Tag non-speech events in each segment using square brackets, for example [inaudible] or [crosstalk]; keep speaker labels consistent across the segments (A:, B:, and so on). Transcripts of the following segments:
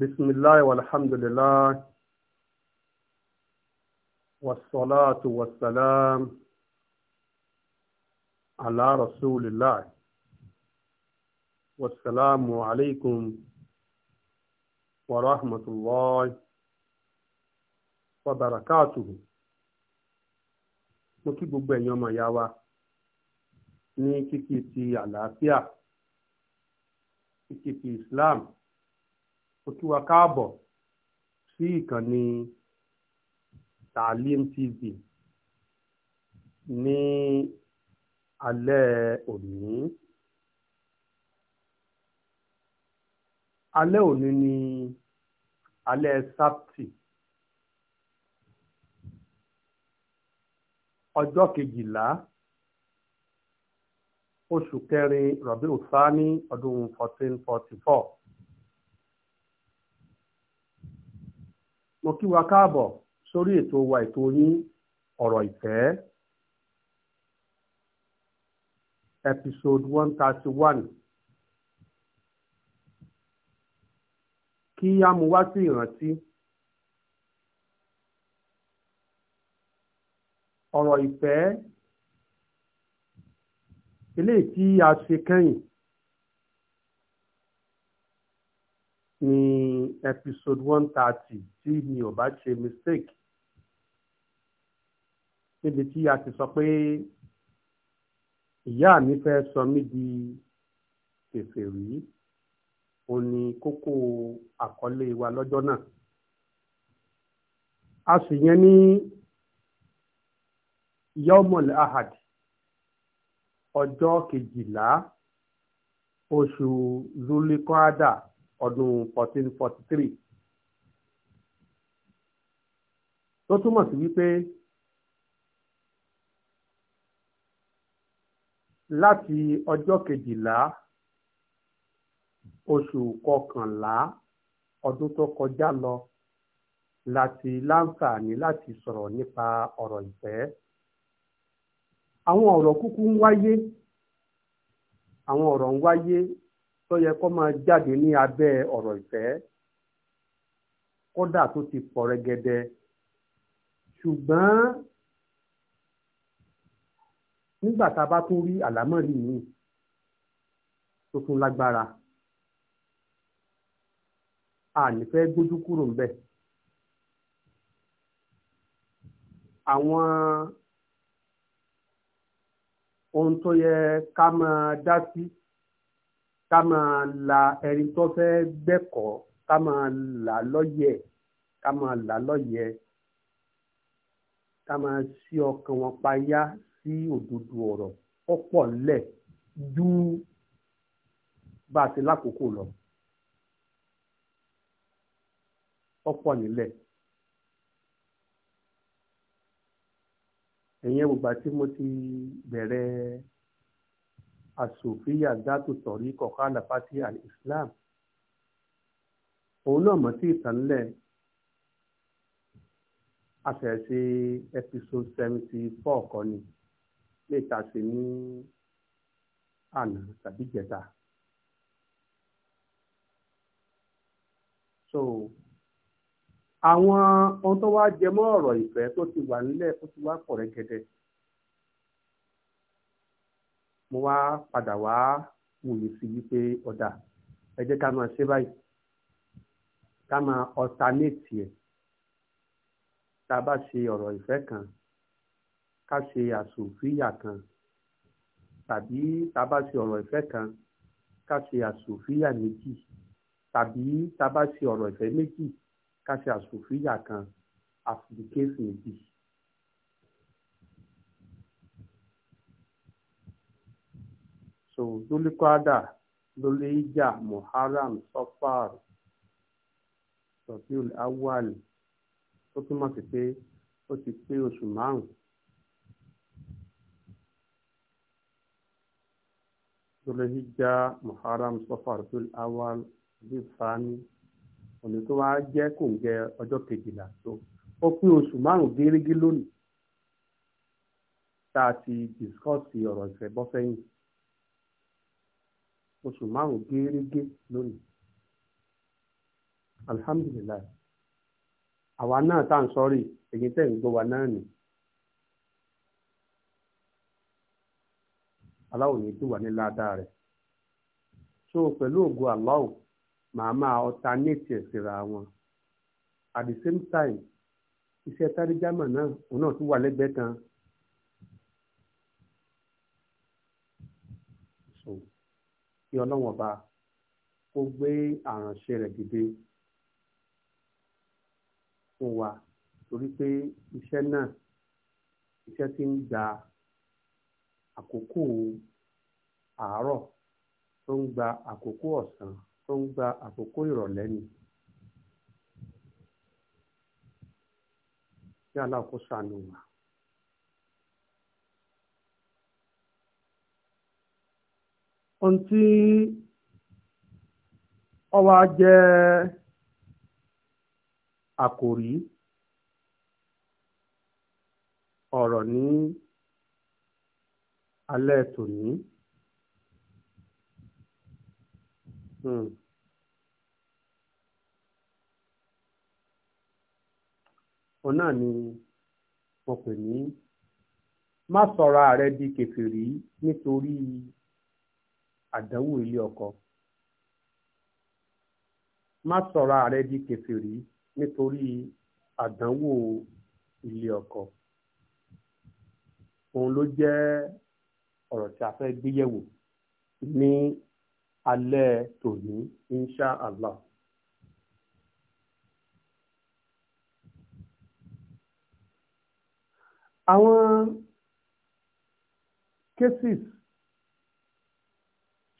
A: بسم الله والحمد لله والصلاة والسلام على رسول الله والسلام عليكم ورحمة الله وبركاته mo kí gbogbo ẹ̀yin ọmọ ìyá wa ní kíkí ti àlàáfíà kíkí ti Islam mo kí wa káàbọ̀ sí ìkànnì Taalim TV ní alẹ́ òní. alẹ́ òní ni alẹ́ sábtì ọjọ́ kejìlá oṣù kẹrin rọ̀bí òsáni ọdún fourteen forty four. mo kí wa káàbọ̀ sórí ètò wa ètò yín ọ̀rọ̀ ìfẹ́ episode one thirty one kí a mú wá sí ìrántí ọ̀rọ̀ ìfẹ́ eléyìí tí a ṣe kẹ́yìn ni episode 130. thirty tí mi ò bá ṣe mistake níbi tí a ti sọ pé ìyá mi fẹ́ sọ mí di kèfèrí òun ni kókó àkọlé wa lọ́jọ́ náà a sì yẹn ní yomol ahad ọjọ́ kejìlá oṣù zulikọ́ádà ọdún 1443 tó túmọ̀ sí wípé láti ọjọ́ kejìlá oṣù kọkànlá ọdún tó kọjá lọ láti láǹfààní láti sọ̀rọ̀ nípa ọ̀rọ̀ ìfẹ́ àwọn ọ̀rọ̀ kúkú ń wáyé àwọn ọ̀rọ̀ ń wáyé tó yẹ kó máa jáde ní abẹ́ ọ̀rọ̀ ìfẹ́ kódà tó ti pọ̀ rẹ́gẹ́dẹ́ ṣùgbọ́n nígbà tá a bá tún rí àlámọ̀rí míì tó tún lágbára a ní fẹ́ gbójú kúrò ńbẹ̀ àwọn ohun tó yẹ ká máa dá sí. Si ká máa la ẹni tó fẹ́ gbẹ́kọ̀ọ́ ká máa là lọ́yẹ̀ ká máa là lọ́yẹ̀ ká máa ṣí ọkàn wọn payá sí òdodo ọ̀rọ̀ ó pọ̀ lẹ̀ ju bá a ti lákòókò lọ ó nílẹ̀. ẹ̀yin ẹ̀wògbà tí mo ti bẹ̀rẹ̀ asòfíà dátò sọ̀rí kọ̀kálà pátí al-islam òun náà mọ̀ sí ìtànlẹ̀ àṣẹ̀ṣe episode seventy four kọ́ ni léta sí ní àná tàbí jẹta. so àwọn ohun tó wá jẹ ọ̀rọ̀ ìfẹ́ tó ti wà nílẹ̀ tó ti wá pọ̀ rẹ́gẹ́dẹ́ mo wá padà wá wòye sí wípé ọ̀dà ẹ jẹ́ ká máa ṣe báyìí ká máa ọ̀tánéètì ẹ̀ tá a bá ṣe ọ̀rọ̀ ìfẹ́ kan ká ṣe àsòfíyà kan tàbí tá a bá ṣe ọ̀rọ̀ ìfẹ́ kan ká ṣe àsòfíyà méjì tàbí tá a bá ṣe ọ̀rọ̀ ìfẹ́ méjì ká ṣe àsòfíyà kan àfìdíkéèsì méjì. so dolikwada dolija muharram sọfar sọfíùl awal tó túmọ̀ sí pé ó ti pé oṣù márùn-ún. dolija muharram sọfar sọfíùl awal bíi fani ọ̀nà tó wá jẹ́ kòǹgẹ́ ọjọ́ kejìlá tó ó pé oṣù márùn-ún lónìí tá a ti dìskọ́sì ọ̀rọ̀ ìfẹ́ bọ́ sẹ́yìn oṣù márùn gẹ́rẹ́gẹ́ lónìí Alhamdulillah. àwa náà tá à ń sọrí èyí tẹ̀ ń gbọ́ wa náà nì aláwọ̀ ní dùn wá ní ládàá rẹ̀ so pẹ̀lú ògo aláwọ̀ màá máa ọ̀tánẹ́tì ẹ̀ síra wọn at the same time iṣẹ́ tárígámà náà òun náà tún wà lẹ́gbẹ̀ẹ́ kan kí ọlọ́wọ̀n ọba kó gbé àránṣẹ́ rẹ̀ dìde fún wa torí pé iṣẹ́ náà iṣẹ́ tí ń gba àkókò àárọ̀ tó ń gba àkókò ọ̀sán tó ń gba àkókò ìrọ̀lẹ́ ni. Kí aláàkó sànù wà. ohun tí ọ wá jẹ́ àkòrí ọ̀rọ̀ ní alẹ́ tòní. Hmm. òun náà ni mo pè ní má sọra rẹ di kèfèrí nítorí àdánwò ilé ọkọ má sọra rẹ di kèfèrí nítorí àdánwò ilé ọkọ òun ló jẹ́ ọ̀rọ̀ tí a fẹ́ gbéyẹ̀wò ní alẹ́ tòní insha allah. àwọn cases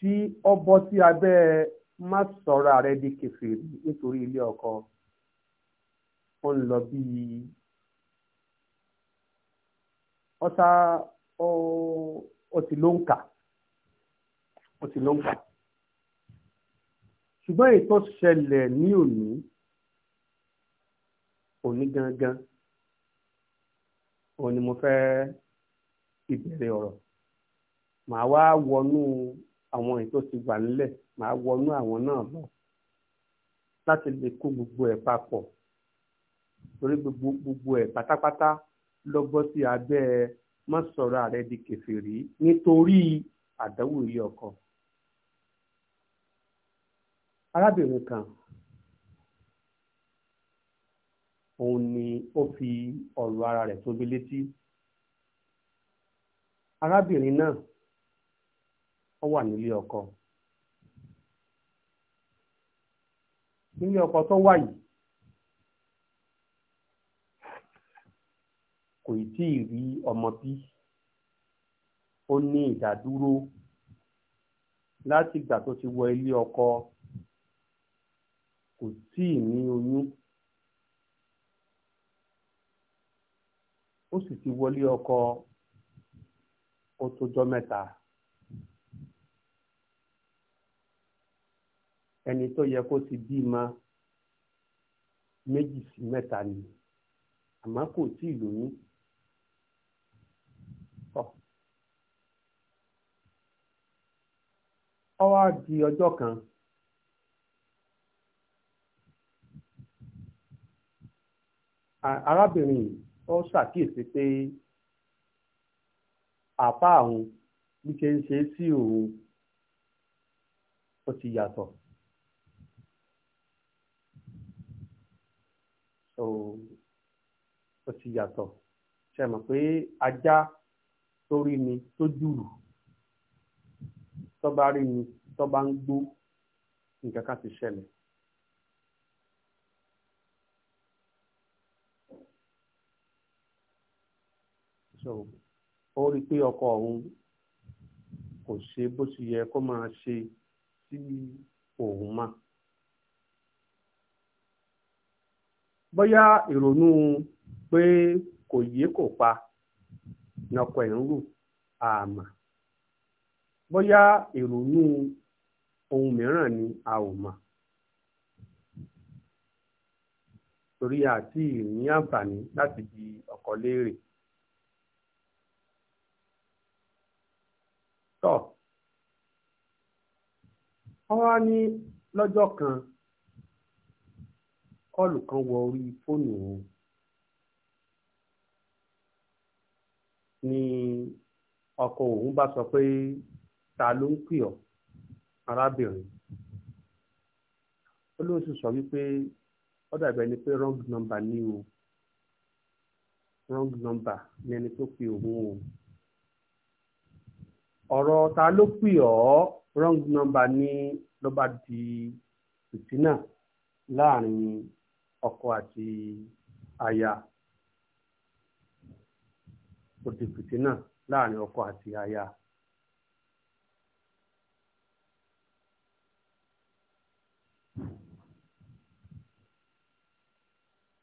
A: tí ó bọ́ sí abẹ́ má sọ̀rọ̀ ààrẹ di kẹfìrí nítorí ilé ọkọ ó ń lọ bí ọta ó ti ló ń kà ó ti ló ṣùgbọ́n èyí ṣẹlẹ̀ ní òní òní gangan òní mo fẹ́ ìbẹ̀rẹ̀ ọ̀rọ̀ màá wá wọnú àwọn ètò ti wà nílẹ̀ màá wọnú àwọn náà lọ láti lè kó gbogbo ẹ̀ papọ̀ torí gbogbo gbogbo ẹ̀ pátápátá lọ́gbọ́ sí abẹ́ má sọ̀rọ̀ ààrẹ di kèfèrí nítorí àdánwò ilé ọkọ. arábìnrin kan òun ni ó fi ọ̀rọ̀ ara rẹ̀ tóbi létí arábìnrin náà ó wà nílé ọkọ nílé ọkọ tó wà yìí kò tí ì rí ọmọ bí ó ní ìdádúró láti ìgbà tó ti wọ ilé ọkọ kò tí ì ní oyún ó sì ti wọlé ọkọ ó tó jọ́ mẹ́ta. ẹni tó yẹ kó ti bímọ méjì sí mẹ́ta ni àmọ́ kò tí ì lóyún. ó wá di ọjọ́ kan arábìnrin ó ṣàkíyèsí pé àpá òun bí ṣe ń ṣe sí òun ó ti yàtọ̀. ó ti yàtọ̀ ṣe mọ̀ pé ajá tó rí mi tó jùrù tọba bá rí mi tó bá ń gbó nǹkan ọkọ òun kò ṣe bó ṣe yẹ kó máa ṣe sí òun máa. bóyá ìrònú pé kò yé kò pa nọkọ ẹ̀ àmà bóyá ìrònú ohun mìíràn ni a ò mọ̀ torí àti ìní àǹfààní láti di ọkọ léèrè. tọ́ ọ wá ní lọ́jọ́ kan. kọ́ọ̀lù kan wọ orí fóònù òun ni ọkọ òun bá sọ pé ta ló ń pè ọ́ arábìnrin ó lóun sì sọ wípé ó dàbí ẹni pé wrong number ni o wrong number ni ẹni tó pe òun o ọ̀rọ̀ ta ló pè ọ́ wrong number ni ló bá di ìtínà láàrin ọkọ àti aya ó náà láàrin ọkọ àti aya.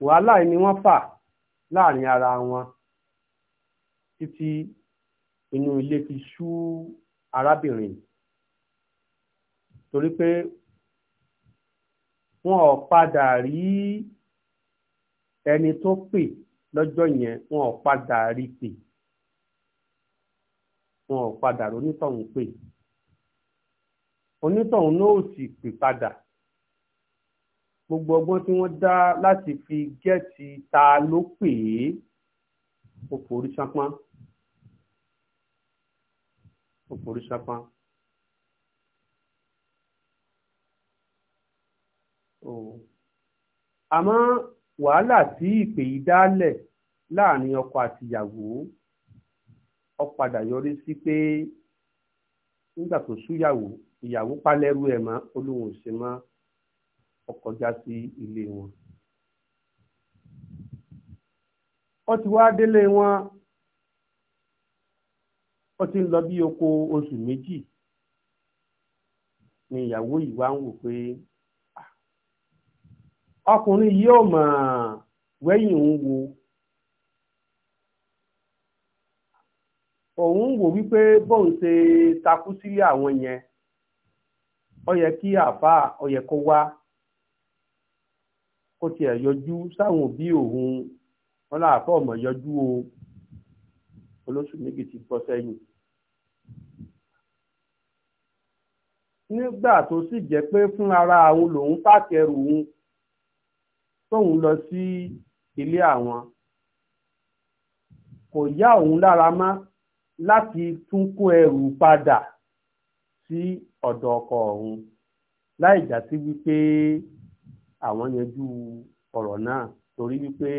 A: wàhálà ni wọ́n fà láàrin ara wọn títí inú ilé fi ṣú arábìnrin torí pé wọn ò padà rí ẹni tó pè lọ́jọ́ yẹn wọn ò padà rí pè wọn ò padà rí onítọ̀hún pè onítọ̀hún náà ò sì pè padà gbogbo ọgbọ́n tí wọ́n dá láti fi gẹ́ẹ̀tì ta ló pè é ó forí sápá ó forí sápá. àmọ́ wàhálà tí ìpè yìí dálẹ̀ láàrin ọkọ àtìyàwó ó padà yọrí sí pé nígbà tó súyàwó ìyàwó palẹ́rú ẹ̀ mọ́ olóhùn ṣe mọ́ ọkọjá sí ilé wọn. ó ti wá délé wọn ó ti ń lọ bí oko oṣù méjì ni ìyàwó yìí wá ń wò pé ọkùnrin yìí ò mọ̀ wẹ́yìn òun wo òun wò wípé bóun ṣe takú sílé àwọn yẹn ó yẹ kí àáfàá ó yẹ kó wá kó tiẹ̀ yọjú sáwọn òbí òun wọn láàfọ̀ ọmọ yọjú o olóṣù méjì ti bọ sẹ́yìn. nígbà tó sì jẹ́ pé fún ara àwọn lòun pàkẹ́rù òun tóun lọ sí ilé àwọn kò yá òun lára mọ́ láti tún kó ẹrù padà sí ọ̀dọ̀ ọkọ òun láì já sí wípé àwọn yanjú ọ̀rọ̀ náà torí wípé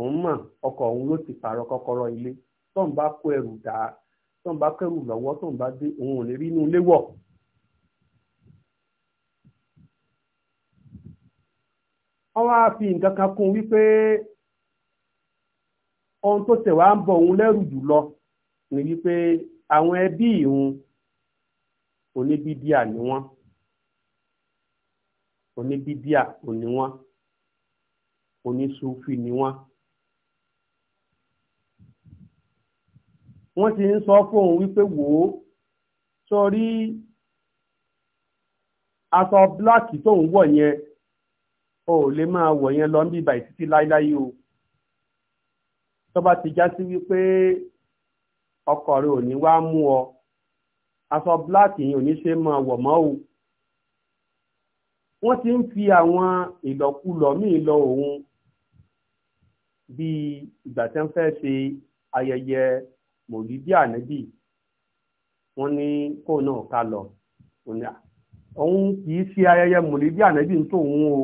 A: òun mọ̀ ọkọ òun ló ti pààrọ̀ kọ́kọ́rọ́ ilé tóun bá kó ẹrù dá tóun bá kẹrù lọ́wọ́ tóun bá dé òun ò lè rí inú ilé wọ̀. wọ́n wá fi nǹkan kan kún wípé ohun tó tẹ̀ wá ń bọ̀ òun lẹ́rù jùlọ ni wípé àwọn ẹbí ìhun oníbídíà ni wọ́n oníbídíà òní wọ́n oníṣúfì ni wọ́n. wọ́n ti ń sọ fún òun wípé wò ó sọ rí aṣọ bíláàkì tóun wọ̀ yẹn o ò máa wọ̀ yẹn lọ níbi ìbàyí títí láíláí o tó bá ti já sí wípé ọkọ rẹ ò ní wá mú ọ aṣọ bíláàkì yìí ò ní ṣe máa wọ̀ mọ́ o wọ́n ti ń fi àwọn ìlọkulọ̀ míì lọ òun bíi ìgbà tí wọ́n fẹ́ ṣe ayẹyẹ mòlídìí ànábì wọ́n ní kó náà ká lọ òun kì í ṣe ayẹyẹ mòlídìí ànábì ń tòun o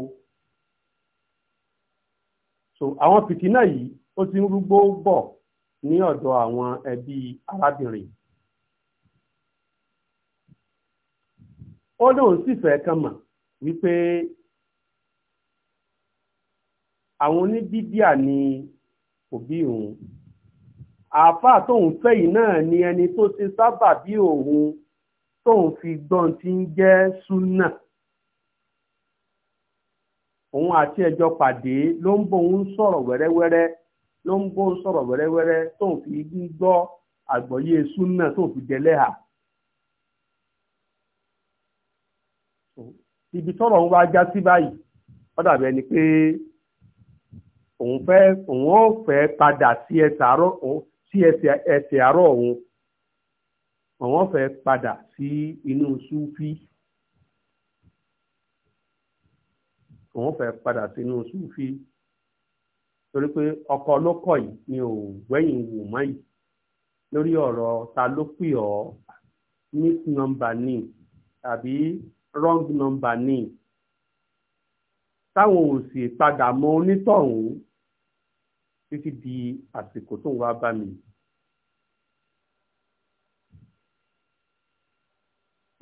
A: so àwọn fìtínà yìí ó ti ń rúgbó bọ̀ ní ọ̀dọ̀ àwọn ẹbí arábìnrin ó lóun sì fẹ́ kan mọ̀ wípé àwọn oníbíbíà ni òbí òun àáfàá tóun fẹ́ yìí náà ni ẹni tó ṣe sábà bí òun tóun fi gbọ́n ti ń jẹ́ súnà òun àti ẹjọ́ pàdé ló ń bóun sọ̀rọ̀ wẹ́rẹ́wẹ́rẹ́ ló ń bóun sọ̀rọ̀ wẹ́rẹ́wẹ́rẹ́ tóun fi gbọ́ àgbọ́yé súnà tóun fi dẹlẹ́hà. ibi tọ́rọ̀ ń wá já sí báyìí ó dàbí ẹni pé òun fẹ́ òun ó fẹ́ padà sí ẹsẹ̀ àárọ̀ sí ẹsẹ̀ àárọ̀ òun òun ó fẹ́ padà sí inú súfì. òun fẹ́ padà sínú súfì torí pé ọkọ ló kọ̀ yìí ni ò wẹ́yìn wò mọ́ yìí lórí ọ̀rọ̀ ta ló pè ọ́ miss number ni tàbí wrong number ni táwọn ò sì padà mọ onítọ̀hún títí di àsìkò tó ń wá bá mi.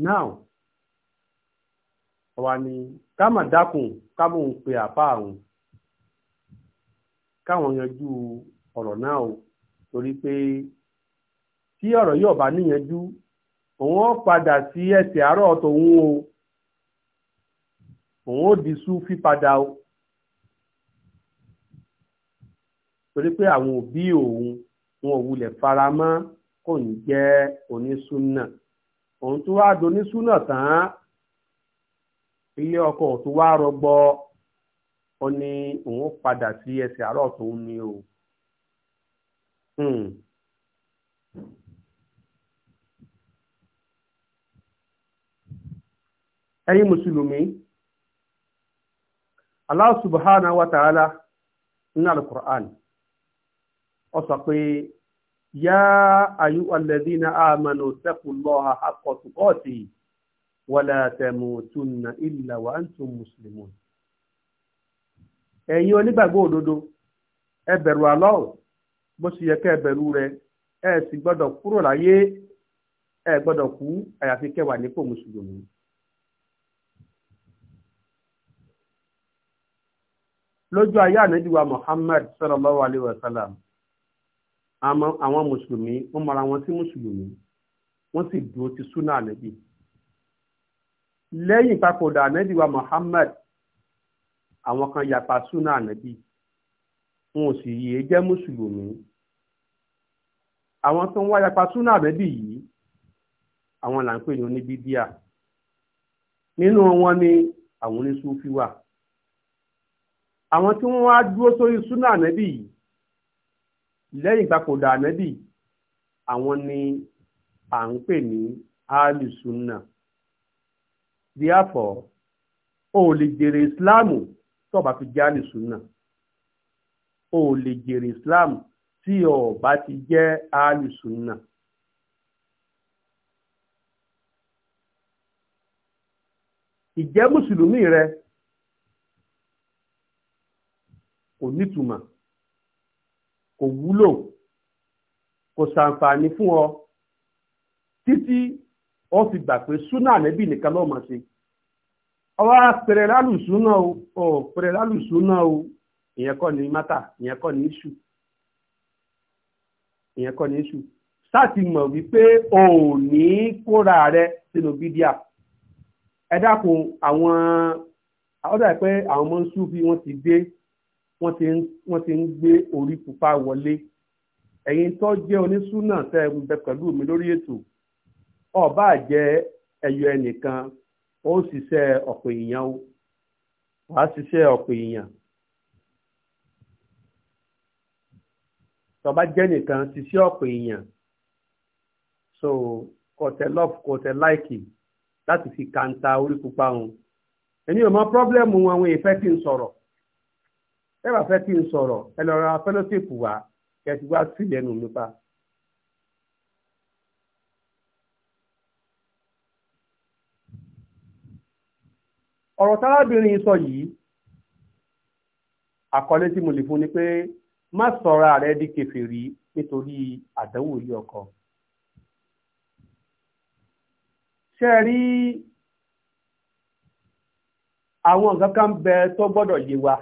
A: now ọ̀wá ni ká mà dákun káwọn ń pe àbá àwọn káwọn yanjú ọ̀rọ̀ náà o torí pé tí ọ̀rọ̀ yóò bá níyanjú òun padà sí ẹsẹ̀ àárọ̀ tòun o òun ó di súfí padà o torí pé àwọn òbí òun wọn ò wulẹ̀ fara mọ́ kò ní jẹ́ onísúnà òun tó wá donísúnà tán ilé ọkọ tó wá rọgbọ ọ òun padà sí ẹsẹ̀ àárọ̀ tó ń o hmm. ẹ̀yin mùsùlùmí Allah wa ta'ala ní al-Qur'an sọ pé yá ayyuhal ladhina amanu ittaqullaha haqqa tuqatihi wala tamutunna illa wa antum muslimun. ẹ̀yin onígbàgbọ́ òdodo ẹ bẹ̀rù Allah bó ṣe yẹ kẹ́ ẹ ẹ sì kúrò láyé ẹ gbọ́dọ̀ kú àyàfi kẹ́ nípò mùsùlùmí. lójú ayé ànájúwa Muhammad wa sallam àwọn mùsùlùmí wọn sí mùsùlùmí sì dúró lẹ́yìn ìpapòdà ànábì wa Muhammad àwọn kan yapa súnà ànábì wọn ò sì yéé e jẹ́ mùsùlùmí àwọn tó ń wá yapa súnà ànábì yìí àwọn là ń pè ní oníbídíà nínú wọn ni àwọn onísúfí wà àwọn tí wọ́n wá dúró sórí súnà ànábì yìí lẹ́yìn ìpapòdà ànábì àwọn ni à ń pè ní áàlù súnà therefore o ò lè jèrè ìsìláàmù tó o bá fi jẹ́ àlùsùnà o ò lè jèrè tí o bá ti jẹ́ àlùsùnà. ìjẹ́ mùsùlùmí rẹ kò nítumọ̀ kò wúlò kò ṣàǹfààní fún ọ títí ó ti gbà pé súnà ànẹ́bì nìkan lọ́ọ́ mọ̀ sí ọwọ́ pẹ̀rẹ̀ lálùsúnà o pẹ̀rẹ̀ lálùsúnà o ìyẹn kọ́ ni mátà ìyẹn kọ́ ni iṣu ìyẹn kọ́ ni iṣu sáti mọ̀ wípé o ò ní kóra rẹ sínú bídíà ẹ dákun àwọn ọ̀dà pé àwọn ọmọ Sufi wọ́n ti dé wọ́n ti ń gbé orí pupa wọlé ẹ̀yin tó jẹ́ onísúnà tẹ́ ẹ pẹ̀lú mi lórí ètò ọba àjẹ ẹyọ ẹnìkan ó ṣiṣẹ́ ọ̀pọ̀ èèyàn o wàá ṣiṣẹ́ ọ̀pọ̀ èèyàn tọba jẹ́ nìkan ṣiṣẹ́ ọ̀pọ̀ èèyàn so kọtẹ love kọtẹ láìkì láti fi kàńtà orí pupa wọn èmi ò mọ pírọ́blẹ́mù wọn àwọn èèfẹ́ kí n sọ̀rọ̀ ẹ bá fẹ́ kí n sọ̀rọ̀ ẹ lọ ra fẹ́lọ́ṣìpù wá kẹ́ ti wá sí ìyẹnu ọ̀rọ̀ tárábìnrin sọ yìí àkọlé tí mo lè fún ni pé má sọra rẹ di kèfèrí nítorí àdánwò ilé ọkọ ṣe rí àwọn nǹkan kan bẹ tó gbọ́dọ̀ yé wa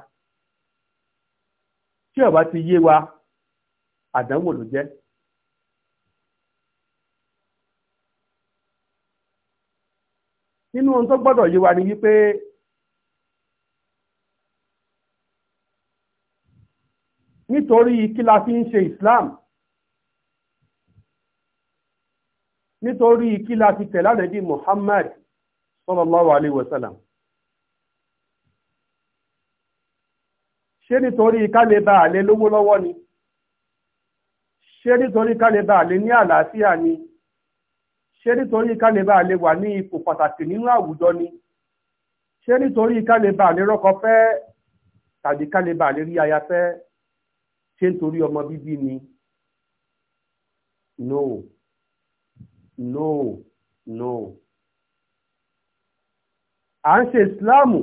A: tí ti yé wa àdánwò ló jẹ́ nínú ohun tó gbọ́dọ̀ yé wa ni wípé nítorí kí la fi ń ṣe Islam nítorí kí la fi tẹ̀lá rẹ̀ bí Muhammad sallallahu alaihi wasallam ṣé nítorí ká lè bá àlè lówó lọ́wọ́ ni ṣé nítorí ká lè bá àlè ní àlàáfíà ni ṣé nítorí ká lè bá àlè wà ní ipò pàtàkì nínú àwùjọ ni ṣé nítorí ká bá àlè rọ́kọ fẹ́ tàbí ká bá àlè rí aya fẹ́ ṣé nítorí ọmọ bíbí ni no no no à ń ṣe ìsìláàmù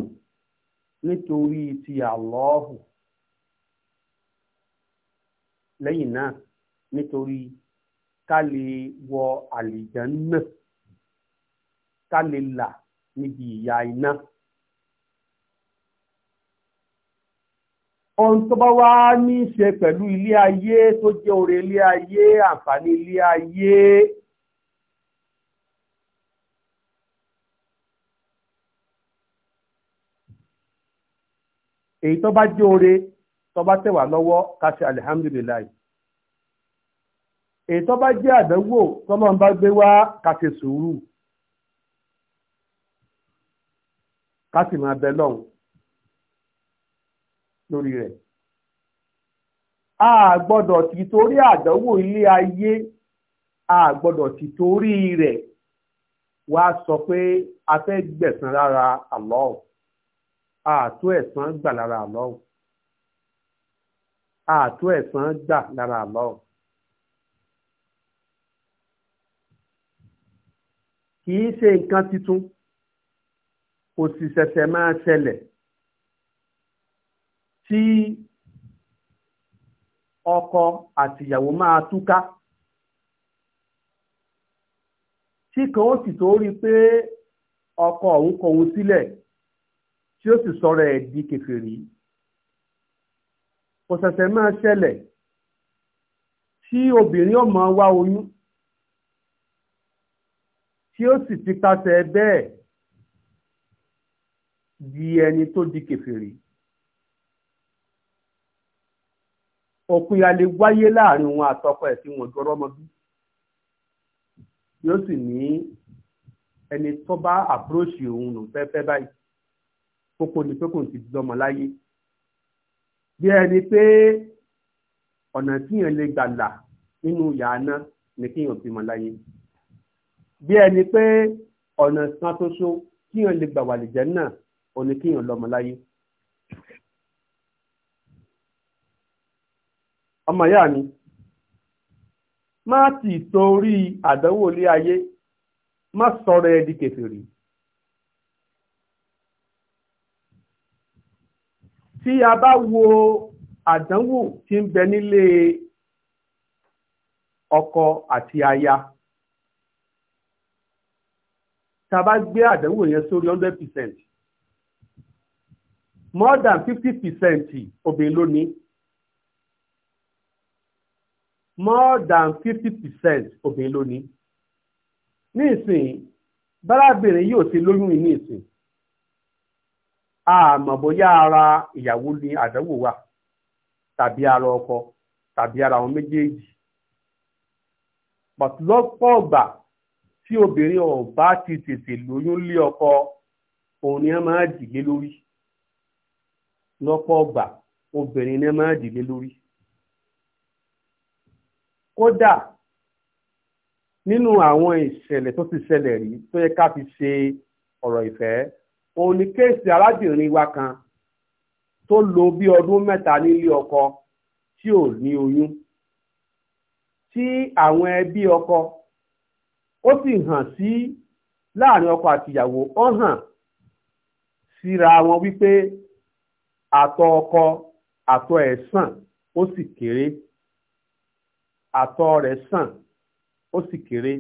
A: nítorí ti àlọ́ọ̀hù lẹ́yìn náà nítorí ká lè wọ àlìjẹ́ náà ká lè là níbi ìyà iná. ohun tó bá wá ní í ṣe pẹ̀lú ilé ayé tó jẹ́ oore ilé ayé àǹfààní ilé ayé èyí tó bá jẹ́ oore tó bá tẹ̀ lọ́wọ́ ká ṣe èyí tó bá jẹ́ àdánwò tọ́lọ́ bá gbé wá ká sùúrù ká máa bẹ lọ́hùn. lórí rẹ̀. a gbọ́dọ̀ ti torí àdánwò ilé ayé a gbọ́dọ̀ ti torí rẹ̀ wá sọ pé a fẹ́ gbẹ̀sán lára Allah àtó ẹ̀san gbà lára Allah àtó ẹ̀san gbà lára Allah. kì í ṣe nǹkan titun kò sì ṣẹ̀ṣẹ̀ máa ṣẹlẹ̀. tí ọkọ àtìyàwó máa túká tí kan ó sì tó rí pé ọkọ òun kọ òun sílẹ̀ tí ó sì sọ̀rọ̀ ẹ̀ di kèfèrí kò ṣẹ̀ṣẹ̀ máa ṣẹlẹ̀ tí obìnrin ọmọ wá oyún tí ó sì ti pàṣẹ bẹ́ẹ̀ di ẹni tó di kèfèrí. òpínyà lè wáyé láàrin wọn àtọkọ ẹ̀ tí wọ́n jọrọ ọmọ bí yóò sì ní ẹni tó bá àpúròṣì òun ló fẹ́ fẹ́ báyìí kókó ni pé kò ti di ọmọ láyé bí ẹni pé ọ̀nà tíyàn lè gbàlà nínú yàáná ni kíyàn bímọ láyé bí ẹni pé ọ̀nà kan ṣoṣo kíyàn lè gbà wà lè jẹ́ náà òní kíyàn lọ́mọ láyé. ọmọ ìyá mi má ti torí àdánwò ilé ayé má sọ̀rọ̀ ẹ di kèfèrí. tí a bá wo àdánwò tí ń bẹ nílé ọkọ àti aya tá bá gbé àdánwò yẹn sórí hundred percent more than fifty percent obìnrin ló more than fifty percent obìnrin ló ní. ní ìsìn bárábìnrin yóò ti lóyún ní ìsìn àmọ́ bóyá ara ìyàwó ni àdánwò wà tàbí ara ọkọ tàbí ara àwọn méjèèjì pàtó lọ́pọ̀ ọ̀gbà tí obìnrin ò bá ti tètè lóyún lé ọkọ òun ni ẹ máa dìlé lórí lọ́pọ̀ ọ̀gbà obìnrin ni ẹ máa dìlé lórí kódà nínú àwọn ìṣẹ̀lẹ̀ tó ti ṣẹlẹ̀ rí tó yẹ ká fi ṣe ọ̀rọ̀ ìfẹ́ òun ni kéèsì arábìnrin wa kan tó lò bí ọdún mẹ́ta nílé ọkọ tí ò ní oyún tí àwọn ẹbí ọkọ ó sì hàn sí láàrin ọkọ àtìyàwó ó hàn síra wọn wípé àtọ̀ ọkọ àtọ̀ ẹ̀ ó sì kéré àtọ̀ rẹ̀ sàn ó sì kéré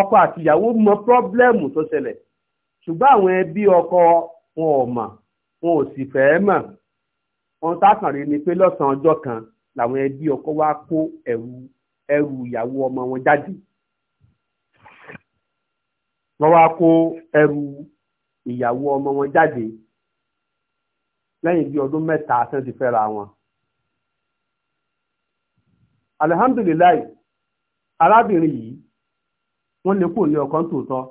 A: ọkọ àtìyàwó mọ pírọ́blẹ́mù tó ṣẹlẹ̀ ṣùgbọ́n àwọn ẹbí ọkọ wọn ò mọ̀ wọn ò sì fẹ́ mọ̀ wọn tákàn rí ni pé lọ́sàn-án ọjọ́ kan làwọn ẹbí ọkọ wá kó ẹrù ẹrù ìyàwó ọmọ wọn jáde wọ́n wá kó ẹrù ìyàwó ọmọ wọn jáde lẹ́yìn bí ọdún mẹ́ta tán ti fẹ́ra wọn alihamdulilayi arábìnrin yìí wọn lè kúrò ní ọkàn tòótọ́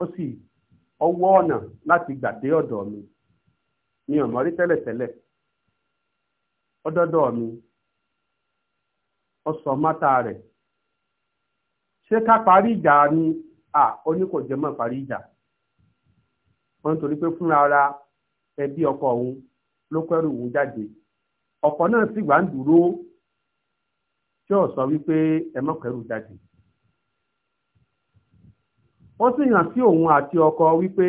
A: ó sì ọwọ́ ọnà láti gbà dé ọdọ mi mi ò mọ̀ rí tẹ́lẹ̀tẹ́lẹ̀ mi ó sọ mátà rẹ̀ ṣé ká parí ìjà ni à ó ní ọkọ òun ló òun ọ̀pọ̀ náà sì wá ń dúró tí ò sọ wípé ẹ má kẹ́rù jáde ó sì hàn sí òun àti ọkọ wípé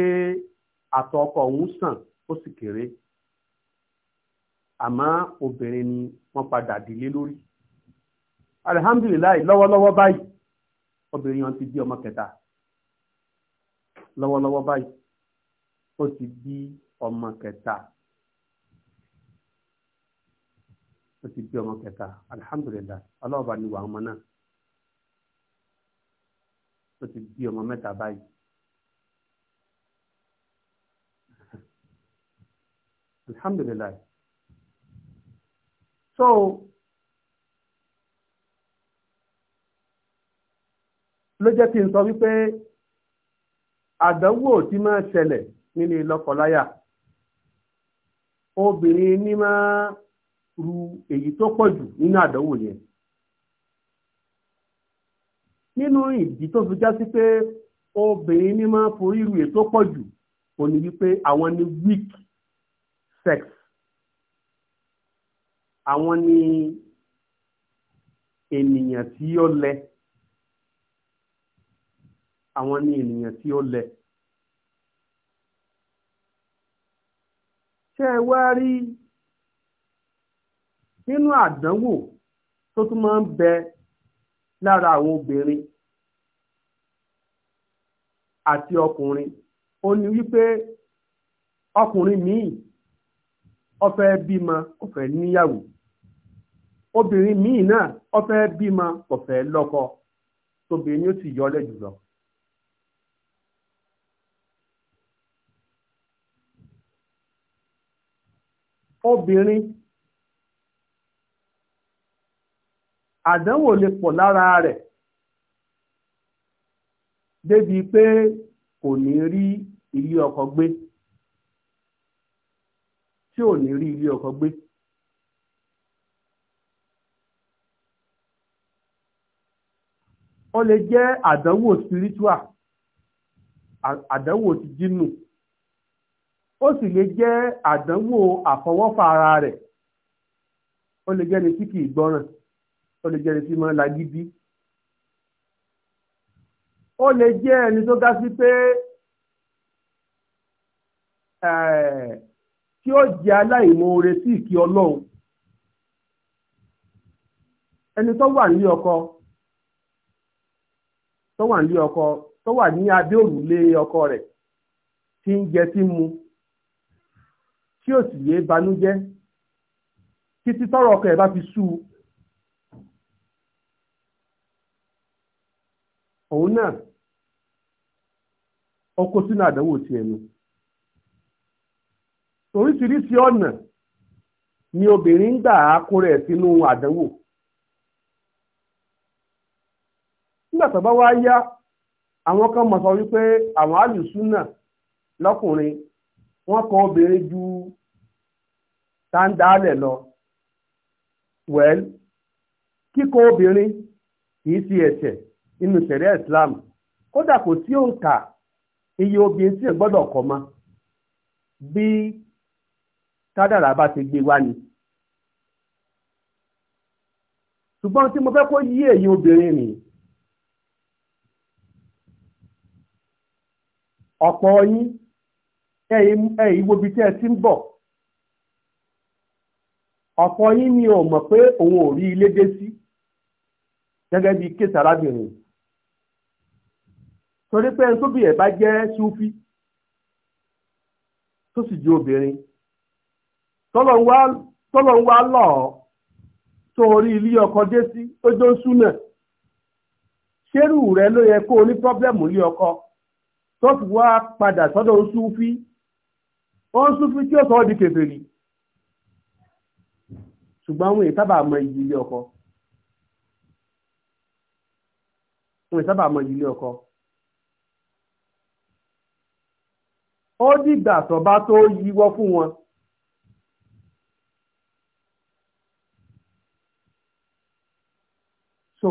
A: àtọ̀ ọkọ òun sàn ó sì kéré àmọ́ obìnrin ni wọ́n padà dìlé lórí alihamdulilayi lọ́wọ́lọ́wọ́ báyìí obìnrin yẹn ti di ọmọ kẹta lọ́wọ́lọ́wọ́ báyìí ó ti bí ọmọ kẹta ó ti bí ọmọ kẹta alihamudulilayi ọlọ́ọ̀bá ni wà ọmọ náà ó ti bí ọmọ mẹ́ta báyìí. alihamudulilayi so ló jẹ́ kí n sọ wípé àdánwò tí máa ṣẹlẹ̀ nínú lọ́kọláya obìnrin ní máa. ru èyí tó pọ̀ jù nínú àdánwò yẹn nínú ìdí tó fi já sí pé obìnrin ní máa forí ru èyí tó pọ̀ jù kò ní wípé àwọn ni weak sex àwọn ni ènìyàn tí ó lẹ àwọn ni ènìyàn tí ó lẹ ṣé ẹ wá rí nínú àdánwò tó tún máa ń bẹ lára àwọn obìnrin àti ọkùnrin ó ní wípé ọkùnrin míì ó fẹ́ bímọ ó níyàwó obìnrin míì náà ó fẹ́ bímọ kò fẹ́ lọ́kọ tóbìnrin yóò sì yọlẹ jùlọ. obìnrin àdánwò lè pọ̀ lára rẹ̀ débi pé kò ní rí ilé ọkọ gbé tí ò ní rí ilé ọkọ gbé. ó lè jẹ́ àdánwò spiritual àdánwò ti jínù ó sì lè jẹ́ àdánwò àfọwọ́fà ara rẹ̀ ó lè jẹ́ ni tí kìí gbọ́ràn. ó lè jẹ́ ẹni la máa ń lagídí ó lè jẹ́ ẹni tó ga sí pé eh, tí ó jẹ́ aláìmoore sí ìkí ọlọ́run ẹni tó wà ní ọkọ tó wà ní ọkọ tó wà ní abẹ́ òrùlé ọkọ rẹ̀ tí ń jẹ tí mu tí ò sì yé banújẹ́ títí tọ́rọ̀ ọkọ ẹ̀ bá fi sú òun náà ó kó sínú àdánwò ti ẹnu oríṣiríṣi ọ̀nà ni obìnrin ń gbà á kó rẹ̀ sínú àdánwò nígbà tó bá wá àwọn kan mọ̀ sọ wípé àwọn àlùsúnà lọ́kùnrin wọ́n kọ obìnrin ju táńdálẹ̀ lọ wẹ́l kíkọ obìnrin kì í ṣe nínú sẹ̀rẹ́ Islam kódà kò sí òǹkà iye obìnrin tí ẹ gbọ́dọ̀ kọ́ mọ́ bí kádàrá bá ti gbé wá ni. ṣùgbọ́n tí mo fẹ́ kó yí èyí obìnrin nìyí. ọ̀pọ̀ yín ẹ̀yìn wo ibi tí ẹ ti ń bọ̀ ọ̀pọ̀ yín ni ò mọ̀ pé òun ò rí ilé dé sí gẹ́gẹ́ bí torí pé ẹni tó bí ẹ̀ bá jẹ́ ṣúfí tó sì jẹ́ obìnrin tọ́lọ̀ ń wá lọ̀ ọ́ tó orí ilé ọkọ dé sí tó jó ń súnà ṣérù rẹ ló yẹ kó o ní pọ́blẹ́mù ilé ọkọ tó fi wá padà sọ́dọ̀ ń ṣúfí ó ń ṣúfí tí ó sọ ọ́ di kèfèrí ṣùgbọ́n àwọn èyí sábà mọ iyì ilé ọkọ. ó dìgbà tó tó yíwọ́ fún wọn. so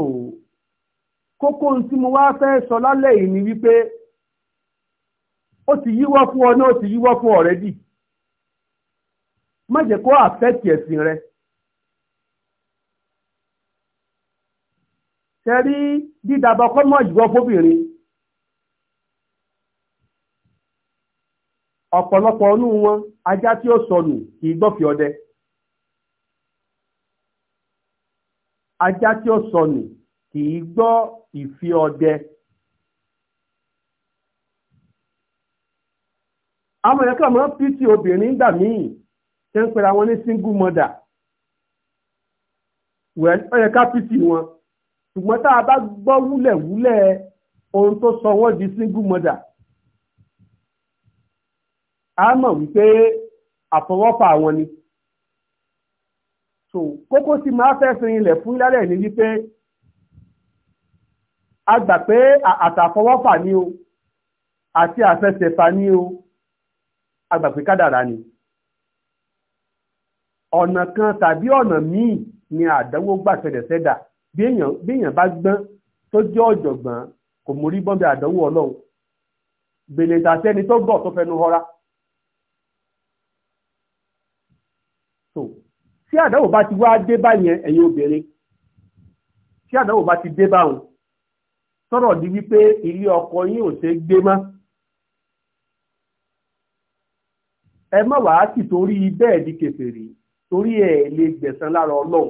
A: kókó tí mo wá fẹ́ sọ lálẹ́ yìí ni wípé ó ti yíwọ́ fún ọ náà ó ti yíwọ́ fún ọ̀rẹ́dì má jẹ́ kó àfẹ́tì ẹ̀sìn rẹ. ṣe rí dídàbọ̀ kọ́mọ̀ fóbìnrin ọ̀pọ̀lọpọ̀ ọnú wọn ajá tí ó sọnù kì í gbọ́fi ọdẹ ajá tí ó sọnù kì í gbọ́ ìfi ọdẹ. àwọn èèyàn ń pt obìnrin nígbà míì ṣe ń pera wọn ní single mother wẹ́n ó yẹ pt wọn ṣùgbọ́n tá a bá gbọ́ wúlẹ̀wúlẹ̀ ohun tó sọ wọ́n di single mother a mọ̀ wípé àfọwọ́fà wọn ni so kókó tí máa fẹ́ fi ilẹ̀ fún lálẹ́ ní wípé a gbà pé àtàfọwọ́fà ni o àti àfẹsẹ̀fà ni o a gbà pé kádàrá ni ọ̀nà kan tàbí ọ̀nà míì ni àdánwò gbà ṣẹlẹ̀ ṣẹ̀dá bí èèyàn bá gbọ́n tó jẹ́ ọ̀jọ̀gbọ́n kò mórí bọ́m̀bẹ̀ àdánwò ọlọ́run gbèlè tàṣẹ́ni tó gbọ́ tó fẹnu họra tí àdáwò bá ti wá dé bá yẹn ẹ̀yin obìnrin tí àdáwò bá ti dé bá wọn sọ̀rọ̀ di wípé ilé ọkọ yín ò ṣe gbé mọ́ ẹ má wàá sì torí bẹ́ẹ̀ di kèfèrí torí ẹ̀ lè gbẹ̀san lára ọlọ́run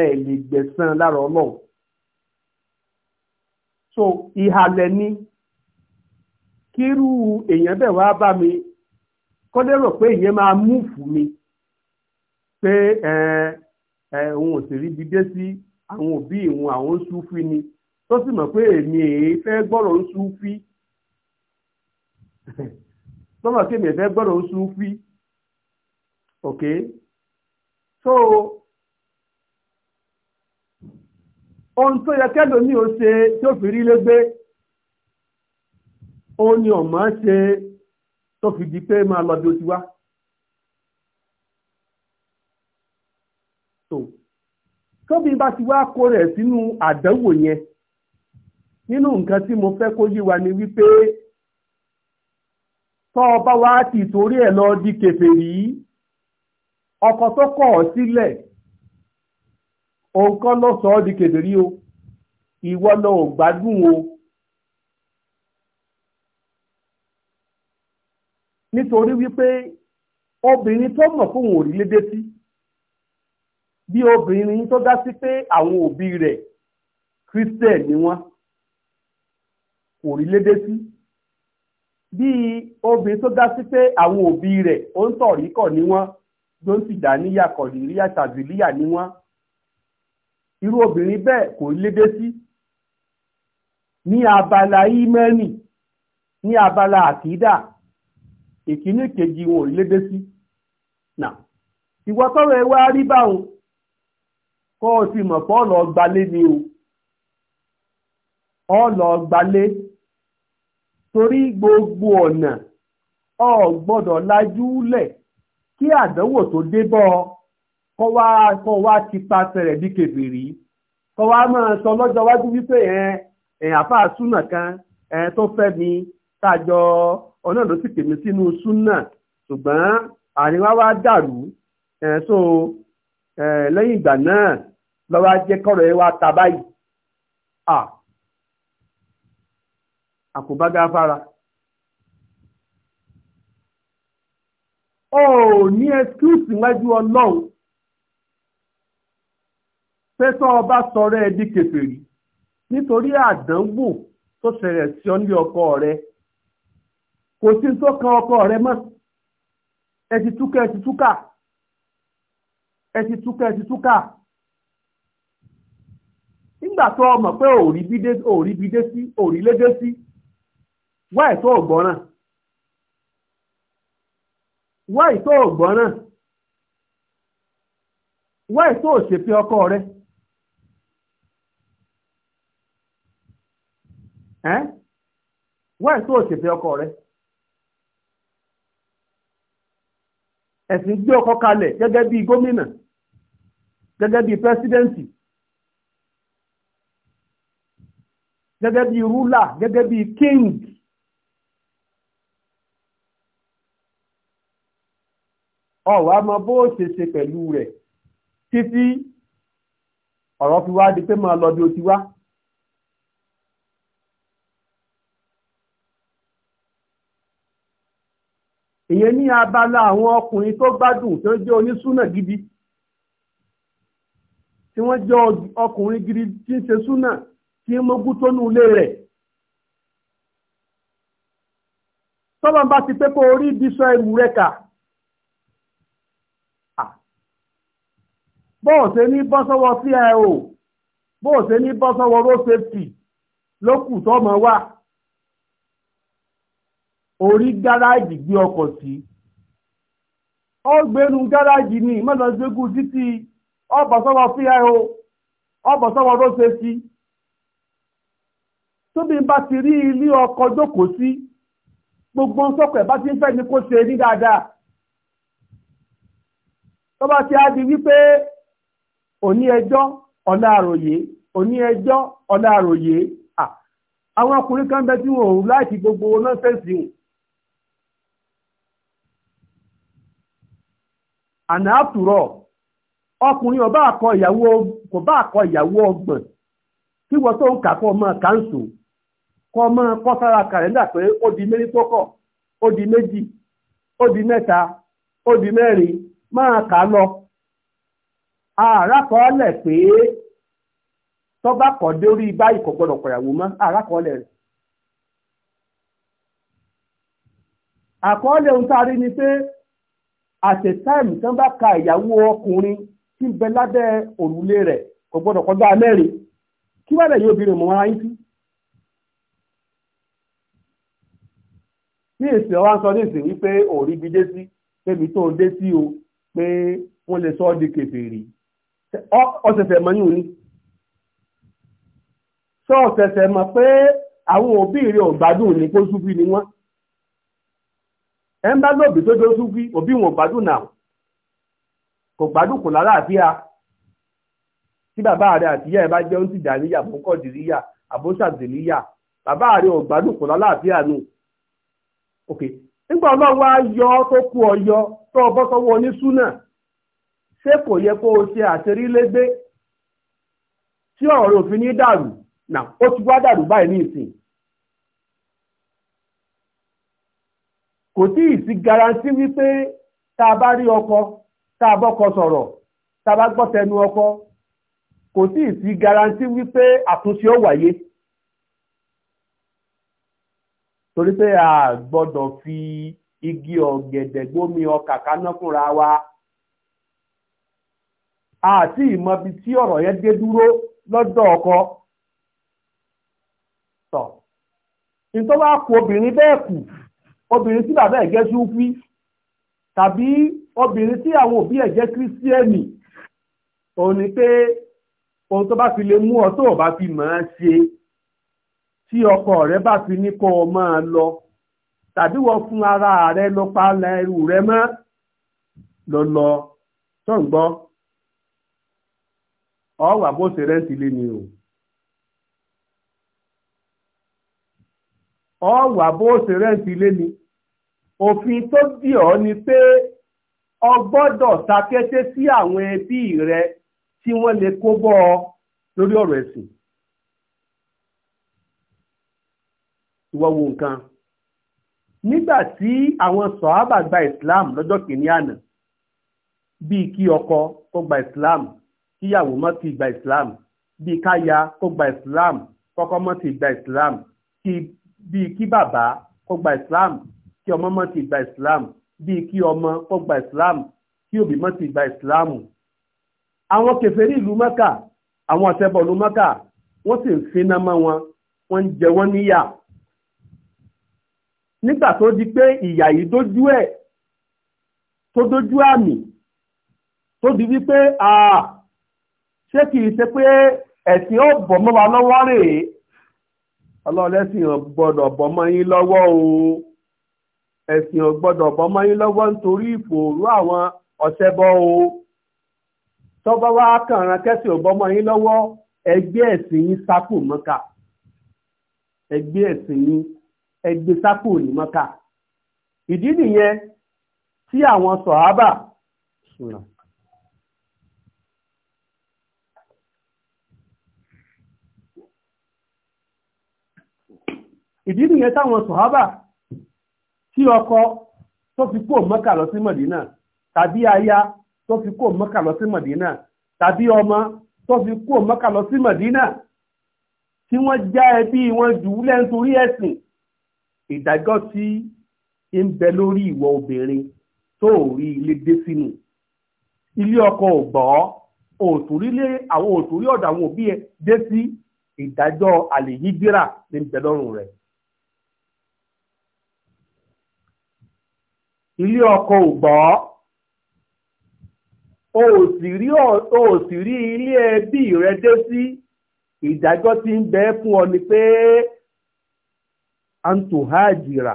A: ẹ̀ lè gbẹ̀san lára ọlọ́run so ìhàlẹ̀ ni kírú èèyàn bẹ́ẹ̀ wá bá mi kọ́dé rò pé ìyẹn máa mú fún mi pé òun ò sì rí ibi dé sí àwọn òbí ìwọn àwọn ṣúfí ni tó sì mọ̀ pé èmi èé fẹ́ gbọ́rọ̀ ń ṣúfí [laughs] tọ́mọ̀ kí èmi fẹ́ gbọ́rọ̀ ń ṣúfí ok so ohun tó yẹ kẹ́lòmí ò ṣe tí ó fi rí lé gbé òun ni ọ̀mọ́ ṣe. tó fi di pé máa lọ bí o ti wá. tóbi bá ti wá kó rẹ̀ sínú àdánwò yẹn nínú nǹkan tí mo fẹ́ kó yí wa ni wípé tọ́ ọ bá wá ti torí ẹ̀ lọ di yìí ọkọ tó kọ̀ ọ́ sílẹ̀ òun kọ́ sọ ọ́ di kèfèrí o ìwọ lọ ò gbádùn o. nítorí wípé obìnrin tó mọ̀ fóun ò rí lédè sí bí obìnrin tó dá sí pé àwọn òbí rẹ̀ Christian ni wọ́n kò rí lédè sí bí obìnrin tó dá sí pé àwọn òbí rẹ̀ ó ń tọ̀rí kọ̀ ni wọ́n ló ń sì dá níyà kọ̀lìríyà ni wọ́n irú obìnrin bẹ́ẹ̀ kò rí sí ní abala imeni ní abala akida. ìkíní kejì wọn ò rí lédè sí nà ìwọ tọrọ ẹ wá rí báwọn kọ ọ ti mọ pé ọlọ gbalé ni o ọlọ gbalé torí gbogbo ọ̀nà ọ gbọ́dọ̀ lajú lẹ̀ kí àdánwò tó dé bọ́ ọ kọ́ wá kọ́ wá ti pàṣẹ bí kèfèrí kọ́ wá máa sọ lọ́jọ́ wájú wípé ẹ̀ ẹ̀ àfáà súnà kan ẹ̀ tó fẹ́ mi tájọ́ ọ̀nà ló sì pèmí sínú súnà ṣùgbọ́n àárín wa dàrú dàrú ẹ̀ lẹ́yìn ìgbà náà lọ́wọ́ jẹ́ kọ́rọ̀ ẹ wá ta báyìí ó ní excuse níwájú ọlọ́run ọba sọ̀rọ̀ nítorí àdánwò tó ṣẹlẹ̀ sí ọkọ rẹ̀ kò sí tó kan ọkọ rẹ ma ẹ ti túká ẹ ti ti nígbà tó o pé òòrí bídé bídé sí lédé sí wá ẹ̀tọ́ ògbọ́nà wá ẹ̀tọ́ ògbọ́nà wá òṣèpé ọkọ rẹ. ọkọ rẹ. ẹ̀sìn gbé ọkọ̀ kalẹ̀ gẹ́gẹ́ bí gómìnà gẹ́gẹ́ bí pẹ́sidẹ́ǹtì gẹ́gẹ́ bí rúlà gẹ́gẹ́ bí king ọ̀wá mọ bó ṣe ṣe pẹ̀lú rẹ̀ títí ọ̀rọ̀ fi wá di pé máa lọ bí o ti wá. ìyẹn ní abala àwọn ọkùnrin tó gbádùn tó jẹ́ onísúnà gidi tí wọ́n jẹ́ ọkùnrin gidi tí ń ṣe súnà tí ń mógún tó nù ilé rẹ̀. tọ́lọ́n bá ti pé kó orí ibi sọ ẹrù rẹ̀ kà. bọ́ọ̀ ṣe ní bọ́ sọ́wọ́ CIO bọ́ọ̀ ṣe ní bọ́ sọ́wọ́ road safety lókù tọ́mọ wà. orí gáràjì gbé ọkọ̀ sí ó gbénu gáràjì ní mọ́lọ́sẹ́gùn títí ọ̀bọ̀sọ́wọ́ fíhẹ́hó ọ̀bọ̀sọ́wọ́ ló ṣe sí tóbi bá ti rí ilé ọkọ̀ jókòó sí gbogbo sọ́kọ̀ ẹ̀ bá ti ń fẹ́ ni kó ṣe ní dáadáa tó ti á di wípé òní ẹjọ́ ọ̀nà àròyé òní ẹjọ́ ọ̀nà àròyé àwọn ọkùnrin kan bẹ tí wọn ò láìsí gbogbo nọ́sẹ̀sì wọn ana after ọkùnrin ọba àkọ ìyàwó kò bá ìyàwó ọgbọ̀n kí wọ́n tó ń kà kọ́ ọmọ káńsù kọ́ ọmọ kọ́ kàlẹ́ndà pé ó di méjì tó kọ̀ ó di méjì ó di mẹ́ta ó di mẹ́rin máa kà á lọ. àràkọọ́lẹ̀ pé tọ́ba àtẹ táìmù tán bá ka ìyàwó ọkùnrin tí ń bẹ lábẹ́ òrùlé rẹ̀ kò gbọ́dọ̀ kọjá mẹ́rin kí wàá lẹ́yìn obìnrin mọ̀ ara yín sí. bí èsì ọ̀wá ń sọ ní ìsìn wípé òòrí bi dé sí pébi tó dé sí o pé wọ́n lè sọ ọ́ di kèfèrí ọ̀sẹ̀sẹ̀ mọ́ ní òní. sọ ọ̀sẹ̀sẹ̀ mọ̀ pé àwọn òbí rẹ̀ ò ní kó súnfì ni wọ́n. ẹ ń bá lóòbí tó dóṣù wí òbí wọn ò gbádùn náà kò gbádùn kò lálàáfíà tí bàbá rẹ àti ìyá ẹ bá jẹun ti dà níyà bó kọ́ dìríyà bàbá rẹ ò gbádùn kò lálàáfíà nù. nígbà ọlọ́wọ́ ayọ tó kú tó sọ́wọ́ ṣé kò yẹ kó o ṣe àṣerílégbé tí ọ̀rọ̀ òfin ní kò tí ì sí garanti wípé tá a bá rí ọkọ tá a bọ́kọ sọ̀rọ̀ tá bá gbọ́ ọkọ kò tí ì sí garanti wípé àtúnṣe ó wáyé torí pé a gbọ́dọ̀ fi igi ọ̀gẹ̀dẹ̀ gbómi ọkà kaná fúnra wa àti ìmọ̀bi tí ọ̀rọ̀ yẹn dé dúró lọ́dọ̀ ọkọ tọ̀ nítorí wàá kó obìnrin bẹ́ẹ̀ kù obìnrin tí bàbá ẹ̀ jẹ́ súfí tàbí obìnrin tí àwọn òbí ẹ̀ jẹ́ kírísítẹ́nì òun ni pé ohun tó bá fi lè mú ọ tó o bá fi máa ṣe tí ọkọ rẹ bá fi ní kó o máa lọ tàbí wọ́n fún ara rẹ lọ pa ẹrù rẹ mọ́ lọ tó ń gbọ́ ọ wà bó ṣe rẹ́ǹtì lé ni o. ọ wà bó ṣe rẹ́ǹtì ilé ni òfin tó dì ọ́ ni pé ọ gbọ́dọ̀ takété sí àwọn ẹbí rẹ tí wọ́n lè kó bọ́ ọ lórí ọ̀rọ̀ ẹ̀sìn. ìwọ wo nǹkan nígbà tí àwọn sọ̀hábà gba Islam lọ́jọ́ kìíní àná bíi kí ọkọ kó gba Islam kíyàwó má ti gba Islam bíi káya kó gba Islam kọ́kọ́ má ti gba Islam kí bíi kí bàbá kó gba islam kí ọmọ mọ́ ti gba islam bíi kí ọmọ kó gba islam kí òbí mọ́ ti gba islam. àwọn kèfèrí ìlú mẹ́kà àwọn ọ̀sẹ̀bọ̀ ìlú mẹ́kà wọ́n sì ń finá mọ́ wọn wọ́n ń jẹ wọ́n níyà. nígbà tó di pé ìyà yìí dójú ẹ̀ tó dójú àmì tó di wípé ṣé kìí ṣe pé ẹ̀sìn ó mọ́ wa lọ́wọ́ rèé. ọlọ́ọ̀lẹ́sìn gbọ́dọ̀ bọ́ mọ́ yín lọ́wọ́ o ẹ̀sìn gbọ́dọ̀ bọ́ mọ́ yín lọ́wọ́ nítorí ìfòòró àwọn ọ̀ṣẹbọ o tọ́ba wá kànrán kẹ́sìn mọ́ yín lọ́wọ́ ẹgbẹ́ ẹ̀sìn yín sápò mọ́ka ẹgbẹ́ ẹ̀sìn yín ẹgbẹ́ sápò ní mọ́ka ìdí nìyẹn táwọn sọ̀hábà tí ọkọ tó fi kó mọ́kà lọ sí mọ̀dínà tàbí aya tó fi kó mọ́kà lọ sí mọ̀dínà tàbí ọmọ tó fi kó mọ́kà lọ sí mọ̀dínà tí wọ́n já ẹbí wọn jù ú lẹ́nu torí ẹ̀sìn ìdájọ́ tí ń bẹ lórí ìwọ obìnrin tó rí ilé dé sínú ilé ọkọ ò gbọ́ òtúrílé àwọn òtúrí ọ̀dọ̀ àwọn òbí ẹ dé sí ìdájọ́ àlèyígbéra ní bẹ lọ́rùn rẹ̀. ilé ọkọ ò o ò sì rí ilé ẹbí rẹ dé sí ìdájọ́ tí ń bẹ fún ọ ni pé antohajira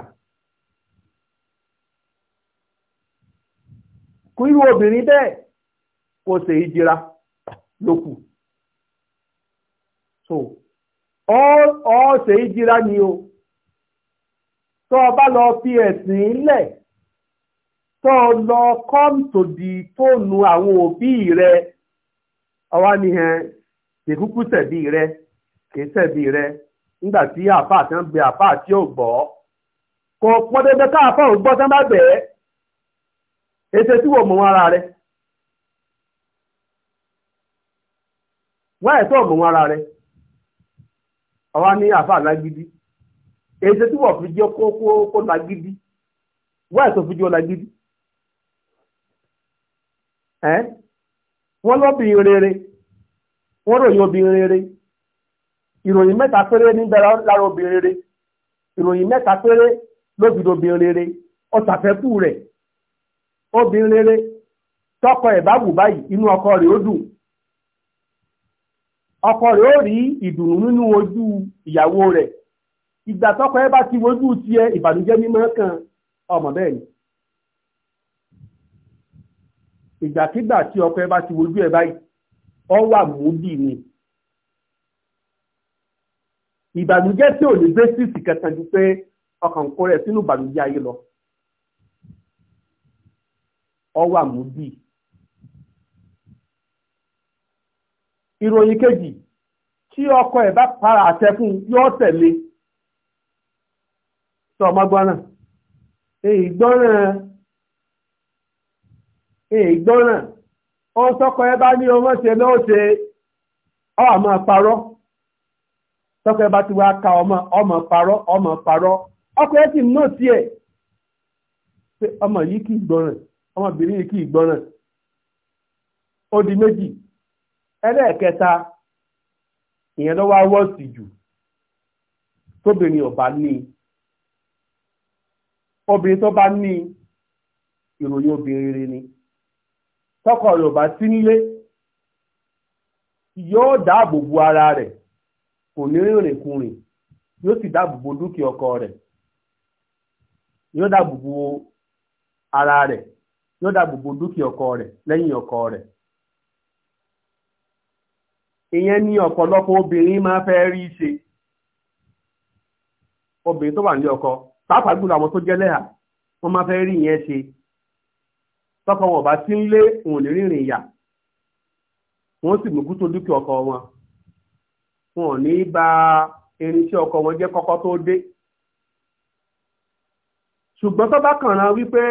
A: kú irú obìnrin bẹ́ẹ̀ kò ṣe ìjìra lókù so ọ ṣe ìjìra ni o tó o bá lọ fi ẹ̀sìn lẹ̀ kọọ lọ kọ́ǹtò fóònù àwọn òbí rẹ ọwá ni hẹn ìkúkú rẹ kìí rẹ nígbà tí àfáà tí ń gbé àfáà tí ò gbọ́ kò pọ́dẹ́gbẹ́ káàfọ́ ò gbọ́ sábà bẹ́ẹ̀ ètò tí wò wọn ara rẹ wọ́n ẹ̀ tó wọn ara rẹ ẹ́ wọ́n lóbìnrin rere wọ́n ròyìn obìnrin rere ìròyìn mẹ́ta péré níbẹ̀ lára obìnrin rere ìròyìn péré lóbìnrin obìnrin rere rẹ̀ obìnrin rere tọkọ ẹ̀ bá wù báyìí inú ọkọ rẹ̀ ó ọkọ ó rí ìdùnnú nínú ojú ìyàwó rẹ̀ ìgbà tọkọ ti wojú kan ọmọ ìgbàkígbà tí ọkọ ẹ bá ti wojú ẹ báyìí ọ wà múdì ni ìbànújẹ́ tí ò ní bẹsíìsì kẹta ju pé ọkàn kó rẹ sínú ìbànújẹ́ ayé lọ ọ wà múdì. ìròyìn kejì tí ọkọ ẹ bá para àṣẹ fún yóò tẹ̀lé sọ ọmọ gbọ́nà èyí gbọ́nà. ìgbọ́ràn ó sọ́kọ ẹ bá ní ọmọ ṣe ló ṣe ọ àmọ́ parọ́ sọ́kọ ẹ bá ti wá ka ọmọ ọmọ parọ́ ọmọ parọ́ ọkọ ẹ sì mọ̀ sí pé ọmọ yìí kì í gbọ́ràn ọmọbìnrin yìí kì í gbọ́ràn ó di méjì ẹlẹ́ẹ̀kẹta ìyẹn ló wá wọ́ọ̀sì jù tóbìnrin ní obìnrin tó bá tọkọ rẹ̀ si n'ile sí nílé yóò dáàbò bo ara rẹ kò ní rìnrìnkùnrin yóò sì dáàbò bo dúkìá ọkọ rẹ yóò dáàbò bo ara rẹ yóò dáàbò bo dúkìá ọkọ rẹ lẹ́yìn ọkọ rẹ ìyẹn ni ọ̀pọ̀lọpọ̀ obìnrin máa fẹ́ rí ṣe obìnrin tó wà ní ọkọ pàápàá jùlọ àwọn tó jẹ́ lẹ́hà wọ́n máa rí ìyẹn tọkọ wọn bá ti ń lé òun ní rìnrìn ìyà wọn sì mójútó dúkìá ọkọ wọn wọn ò ní bà irinṣẹ́ ọkọ wọn jẹ kọkọ tó dé ṣùgbọ́n tó bá kàn án wípé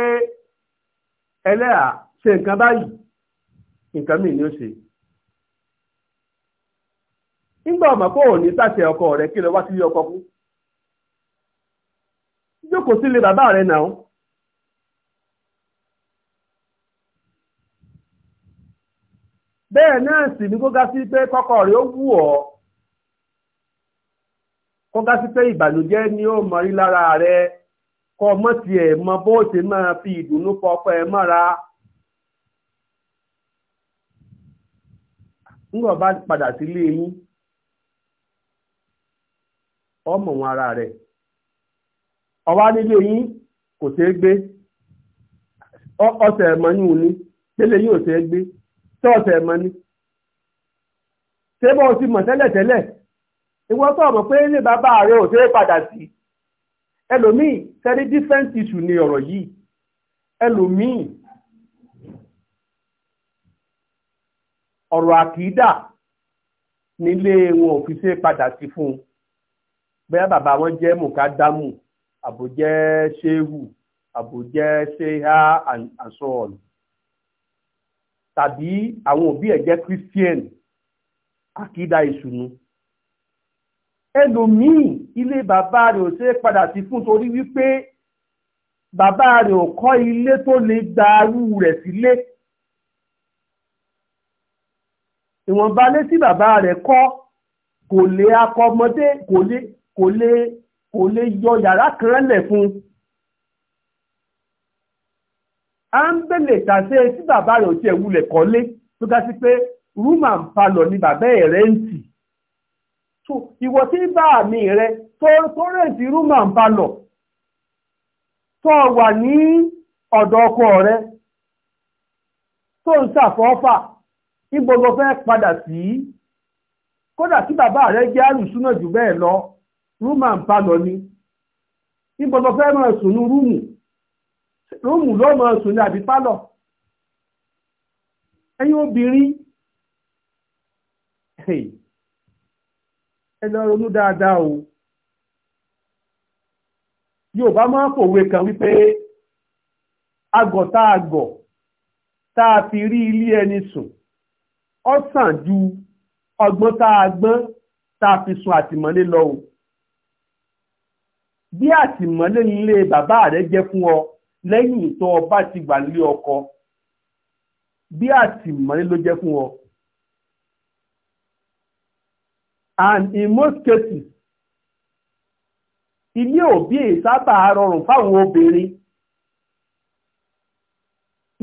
A: ẹlẹ́à ṣe nǹkan báyìí nǹkan mìíràn ni ó ṣe nígbà ọmọ kó òní sàṣẹ ọkọ rẹ kí lọ wá sí ilé ọkọ fún jókòó sílé bàbá rẹ náà bẹ́ẹ̀ náà sì ní kó ga sí pé kọ́kọ́ rẹ̀ ó wù ọ́ kó ga sí pé ni ó lára rẹ̀ kọ́ mọ́ mọ bó ṣe máa fi ìdùnnú ọpọ ẹ mọ́ra. ńgbọ̀ bá padà sílé yín ọmọ wọn ara rẹ̀ ọwá nílé yín kò ṣeé gbé ọ̀sẹ̀ ẹ̀mọ́ ni ò ní ò ṣeé tọ́ọ̀sẹ̀ mọ́ ni tébọ̀ ti mọ̀ tẹ́lẹ̀tẹ́lẹ̀ ìwọ́n tó ọmọ pé ní bàbá rẹ̀ ò tẹ́ padà sí ẹlòmíì tẹ́rí different issue ni ọ̀rọ̀ yìí ẹlòmíì ọ̀rọ̀ àkìdá nílé wọn ò fi ṣe padà sí fún un bẹ́ẹ̀ bàbá wọn jẹ́ mùkádámù àbò jẹ́ ṣéhù àbò jẹ́ ṣéhá and so on tàbí àwọn òbí ẹ̀ jẹ́ christian àkídà ìṣùnú ẹlòmíì ilé bàbá rẹ̀ ò ṣe padà sí fún torí wípé bàbá rẹ̀ ò kọ́ ilé tó lè gba arú rẹ̀ sílé ìwọ̀nba lé tí bàbá rẹ̀ kọ́ kò lè akọmọdé kò lè kò lè kò lè yọ yàrá kan lẹ̀ fún un a ń bẹ̀lẹ̀ tàṣe tí bàbá rẹ̀ ò tiẹ̀ wulẹ̀ ga sí pé rúmà ń palọ̀ ni bàbá ẹ̀ rẹ́ǹtì so ìwọ tí mi rẹ tó rẹ̀ǹtì rúmà ń palọ̀ tó wà ní ọ̀dọ̀ ọkọ rẹ tó ń ṣàfọ́fà fẹ́ padà sí kódà tí bàbá ni fẹ́ máa sùn róòmù lọ́mọ sùn ní àbí pálọ̀ ẹ̀yin obìnrin ẹ lọ ronú dáadáa o Yorùbá máa ń pòwe kan wípé agọ̀ tá a gọ̀ tá a fi rí ilé ẹni sùn ó sàn ju ọgbọ́n tá a fi sun àtìmọ́lé lọ o bí àtìmọ́lé nílé bàbá rẹ jẹ́ fún ọ lẹ́yìn tó o bá ti gbà lé ọkọ bí àtìmọ́lé ló jẹ́ fún ọ. and in most cases ilé òbí sábà rọrùn fáwọn obìnrin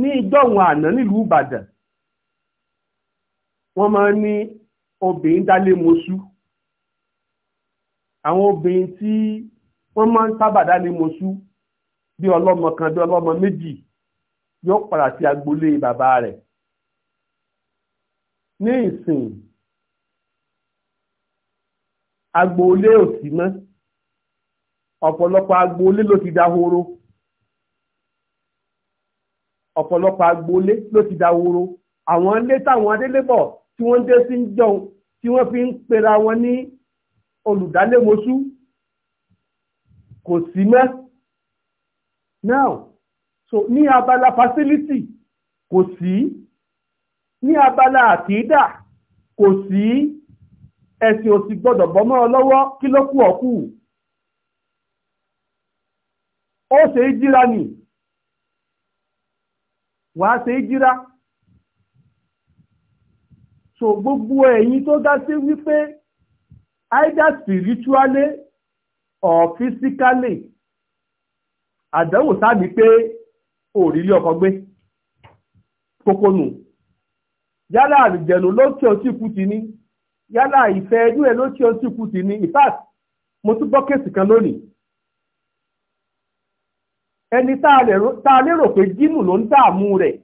A: ní ìjọ́hun àná nílùú Ìbàdàn wọ́n máa ń ní obìnrin dálé moṣú àwọn obìnrin tí wọ́n máa ń sábà dálé moṣú bí ọlọ́mọ kan bí ọlọ́mọ méjì yóò padà sí agboolé bàbá rẹ̀ ní ìsìn agboolé ò sí mọ́ ọ̀pọ̀lọpọ̀ agboolé ló ti dahoro ọ̀pọ̀lọpọ̀ agboolé ló ti dahoro àwọn ilé táwọn adélébọ̀ tí wọ́n dé sí ń jọun tí wọ́n fi ń pera wọn ní olùdálémosú kò sí mọ́ now so ní abala facility kò sí ní abala àkídà kò sí ẹ̀sìn òsì gbọ́dọ̀ bọ́mọ́ ọ lọ́wọ́ kí ló kù ọ̀kù ó ṣe é jíra nì wàá ṣe é jíra so gbogbo ẹ̀yin tó dá sí wípé either spiritually or physically àdánwò sáàbí pé òrílé ọkọ̀ gbé kókónù yálà àrìjẹ̀nù ló tí ọtí ikú ti ní yálà ìfẹ́ ẹnu ẹ̀ ló tí ọtí ikú ti ní in fact mo tún gbọ́ kéèsì kan lónìí ẹni tá a lérò pé jínù ló ń dààmú rẹ̀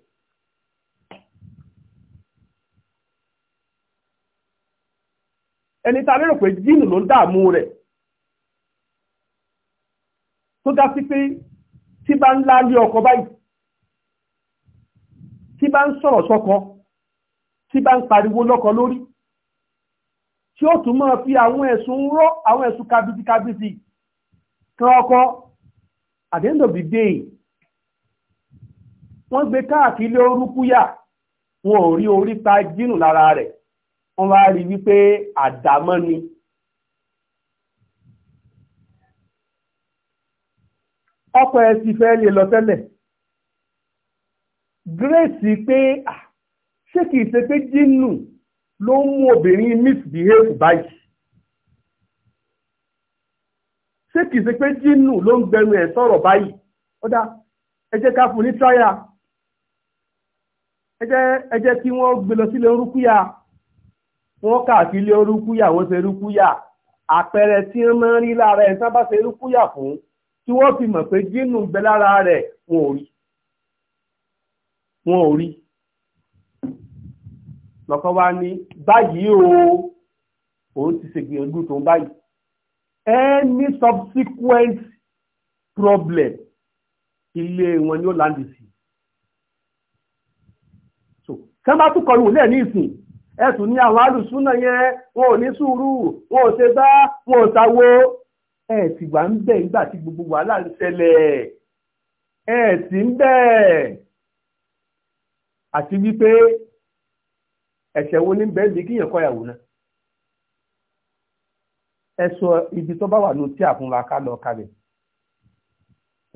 A: ẹni tá a lérò pé jínù ló ń dààmú rẹ̀ tó dá sí pé tí bá ń lálé ọkọ báyìí tí bá ń sọ̀rọ̀ sọ́kọ tí bá ń pariwo lọ́kọ lórí tí ó tún fi àwọn ẹ̀sùn rọ́ àwọn ẹ̀sùn kábíyèsí kábíyèsí kan ọkọ at the end wọ́n gbé káàkiri orúkúyà wọn ò rí oríta jínù lára rẹ̀ wọ́n wá rí wípé àdámọ́ ni. ọkọ ẹ ti fẹ́ lè lọ tẹ́lẹ̀ grace pé ṣé kìí ṣe pé jínù ló ń mú obìnrin misbehave báyìí ṣé kìí ṣe pé jínù ló ń gbẹnu sọ̀rọ̀ báyìí ọ̀dà ẹ jẹ́ ká fún ní tráyà ẹ jẹ́ kí wọ́n gbé lọ sílé orúkúyà wọ́n káàkiri orúkúyà wọ́n ṣe orúkúyà àpẹẹrẹ tí tí wọ́n fi mọ̀ pé jínù bẹ lára rẹ̀ wọn ò rí wọn ò rí lọ́kọ́ wá ní báyìí o òun ti ṣègbìyànjú tó báyìí any subsequent problem ilé wọn ni ó láǹdì sí so kí wọ́n bá tún kọlu lẹ́ẹ̀ ní ìsìn ẹ̀sùn ní àwọn alùsùn náà yẹn wọn ò ní sùúrù wọn ò ṣe bá wọn ò ṣàwo ẹ ti wà ń bẹ̀ nígbà tí gbogbo wàhálà ń ṣẹlẹ̀ ẹ ti ń bẹ̀ àti wípé ẹ̀ṣẹ̀ wo ní bẹ́ẹ̀ bí kíyàn kọ́yàwó náà ẹ sọ ibi tó bá wà ní tí àfúnra ká lọ kalẹ̀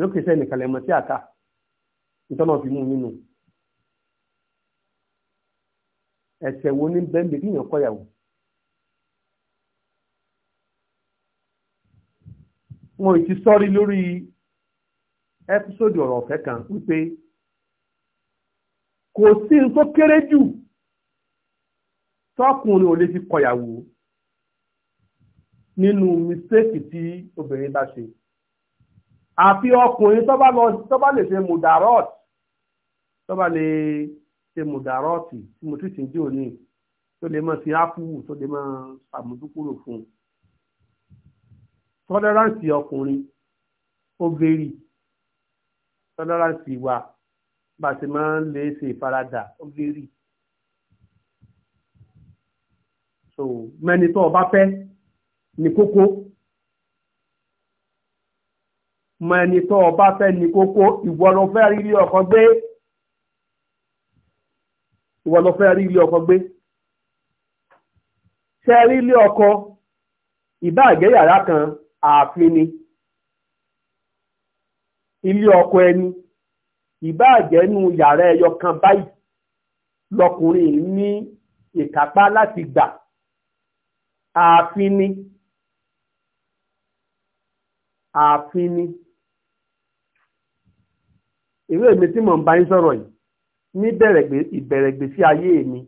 A: lókè sẹ́ni kalẹ̀ mọ́ tí àká ìtọ́nà fi mú nínú ẹ̀ṣẹ̀ wo ní bẹ́ẹ̀ bí kíyàn kọ́yàwó wọn ò ti sọ́rí lórí ẹ́písòdì ọ̀rọ̀ ọ̀fẹ́ kan wípé kò sí n tó kéré jù tọkùnrin ò lè fi kọyàwó nínú mistake tí obìnrin bá ṣe àfi ọkùnrin tó bá lè ṣe mudarot tó bá lè ṣe mudarot tí mo tún ṣe ń jẹ́ òní tó lè máa ṣe ápù tó lè máa ṣàmójúkúrò fún un tọ́lẹ́ránsì ọkùnrin ó vérì tọ́lẹ́ránsì wa bá a ti máa ń lè ṣe ìfaradà ó vérì. so mẹ́ni tó o bá fẹ́ ní kókó mọ ẹni tó o bá fẹ́ ní kókó ìwọ ló fẹ́ rí ilé ọkọ gbé ìwọ ló fẹ́ rí ilé ọkọ gbé ṣe rí ilé ọkọ ìbá àgbéyàrá kan ààfin ni ilé ọkọ ẹni ìbáàjẹ́nu yàrá ẹyọ kan báyìí lọkùnrin ní ìkápá láti gbà ààfin ni ààfin ni ìwé mi tí mò ń bá yín sọ̀rọ̀ yìí ní ìbẹ̀rẹ̀ ayé mi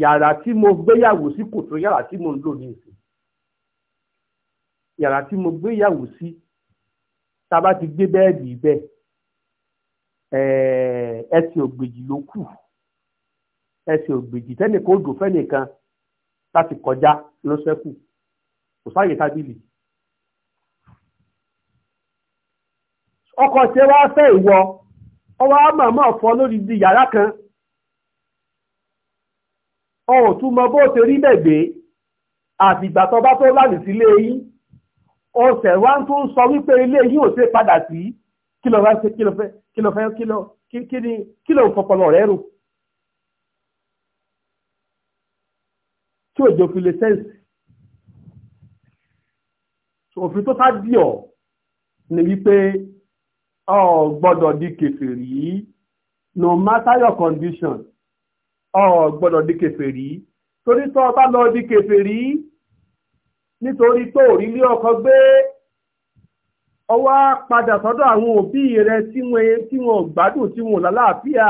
A: yàrá tí mo gbéyàwó sí kò yàrá tí mo ń lò ní ìsìn yàrá tí mo gbé gbéyàwó sí ta bá ti gbé bẹ́ẹ̀dì bẹ́ẹ̀ eh, ẹsẹ̀ ògbèjì ló kù ẹsẹ̀ ògbèjì tẹ́nìkan odò fẹ́nìkan láti kọjá ló ṣẹ́kù kò sáàyè tábìlì. ọkọ̀ ṣe wá fẹ́ ìwọ ọwọ́ àmàmà fọ lórí di yàrá kan ọ̀hún tún mọ bó ṣe rí bẹ̀gbẹ́ àtìgbà tó bá tó lálẹ́ sílé yín. ọ̀sẹ̀ wá tó ń sọ wípé ilé yìí ò ṣe padà sí kí ló fẹ́ kí ló fẹ́ kí ló fẹ́ kí ló kí ni kí ló fọpọlọ rẹ rò tí òjò fi lè sẹ́ǹsì òfin tó ká dì ọ́ ni wípé ọ gbọ́dọ̀ di kèfèrí no matter your condition ọ gbọ́dọ̀ di kèfèrí torí tó o bá lọ di kèfèrí. nítorí tó ò rí ilé ọkọ gbé ọwọ́ padà sọ́dọ̀ àwọn òbí rẹ tí wọ́n ò gbádùn tí wọ́n ò lálàáfíà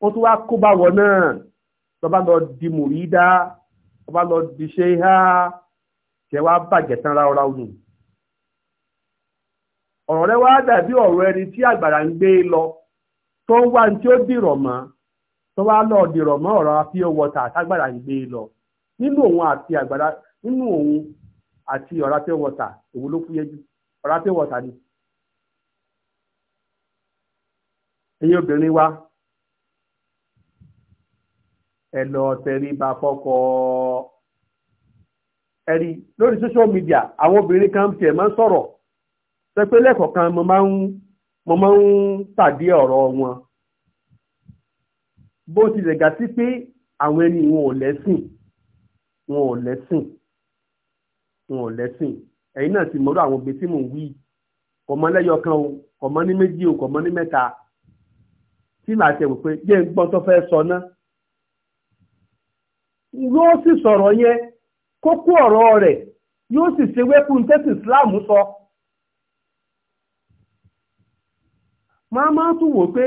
A: ó tún wá kó bá wọn náà lọ́ba lọ di mùrídá lọ́ba lọ di ṣe há kẹ wá bàjẹ́ tán ráúráú nù ọ̀rọ̀ rẹ wá dàbí ọ̀rọ̀ ẹni tí àgbàrá ń gbé lọ tó ń wá ní tí ó dìrọ̀ mọ́ tó wá lọ dìrọ̀ mọ́ ọ̀rọ̀ pure water àtàgbàrá ń gbé lọ nínú òun àti àgbàrá nínú òun àti ọ̀rá pé wọ̀tà èwo ló fúyẹ́ jù ọ̀rá pé wọ̀tà ni. ẹ̀yin obìnrin wa ẹ lọ tẹríba fọ́kọ ẹ̀rí lórí social media àwọn obìnrin kan tiẹ̀ máa ń sọ̀rọ̀ sẹ́pẹ́ lẹ́kọ̀ọ̀kan mo máa ń mo máa ń pàdé ọ̀rọ̀ wọn bó tilẹ̀ gà sí pé àwọn ẹni wọn ò lẹ́sìn wọn ò lẹ́sìn wọn ò lẹ́sìn ẹ̀yin náà sì mọ́rọ́ àwọn obì tí mò ń wí kọmọ mọ kan o ní méjì o kọmọ ní mẹ́ta tí màá tẹ̀ ń sọ náà. yóò sì sọ̀rọ̀ yẹn kókó ọ̀rọ̀ rẹ̀ yóò sì ṣe tẹ́sí Islam sọ. máa tún wò pé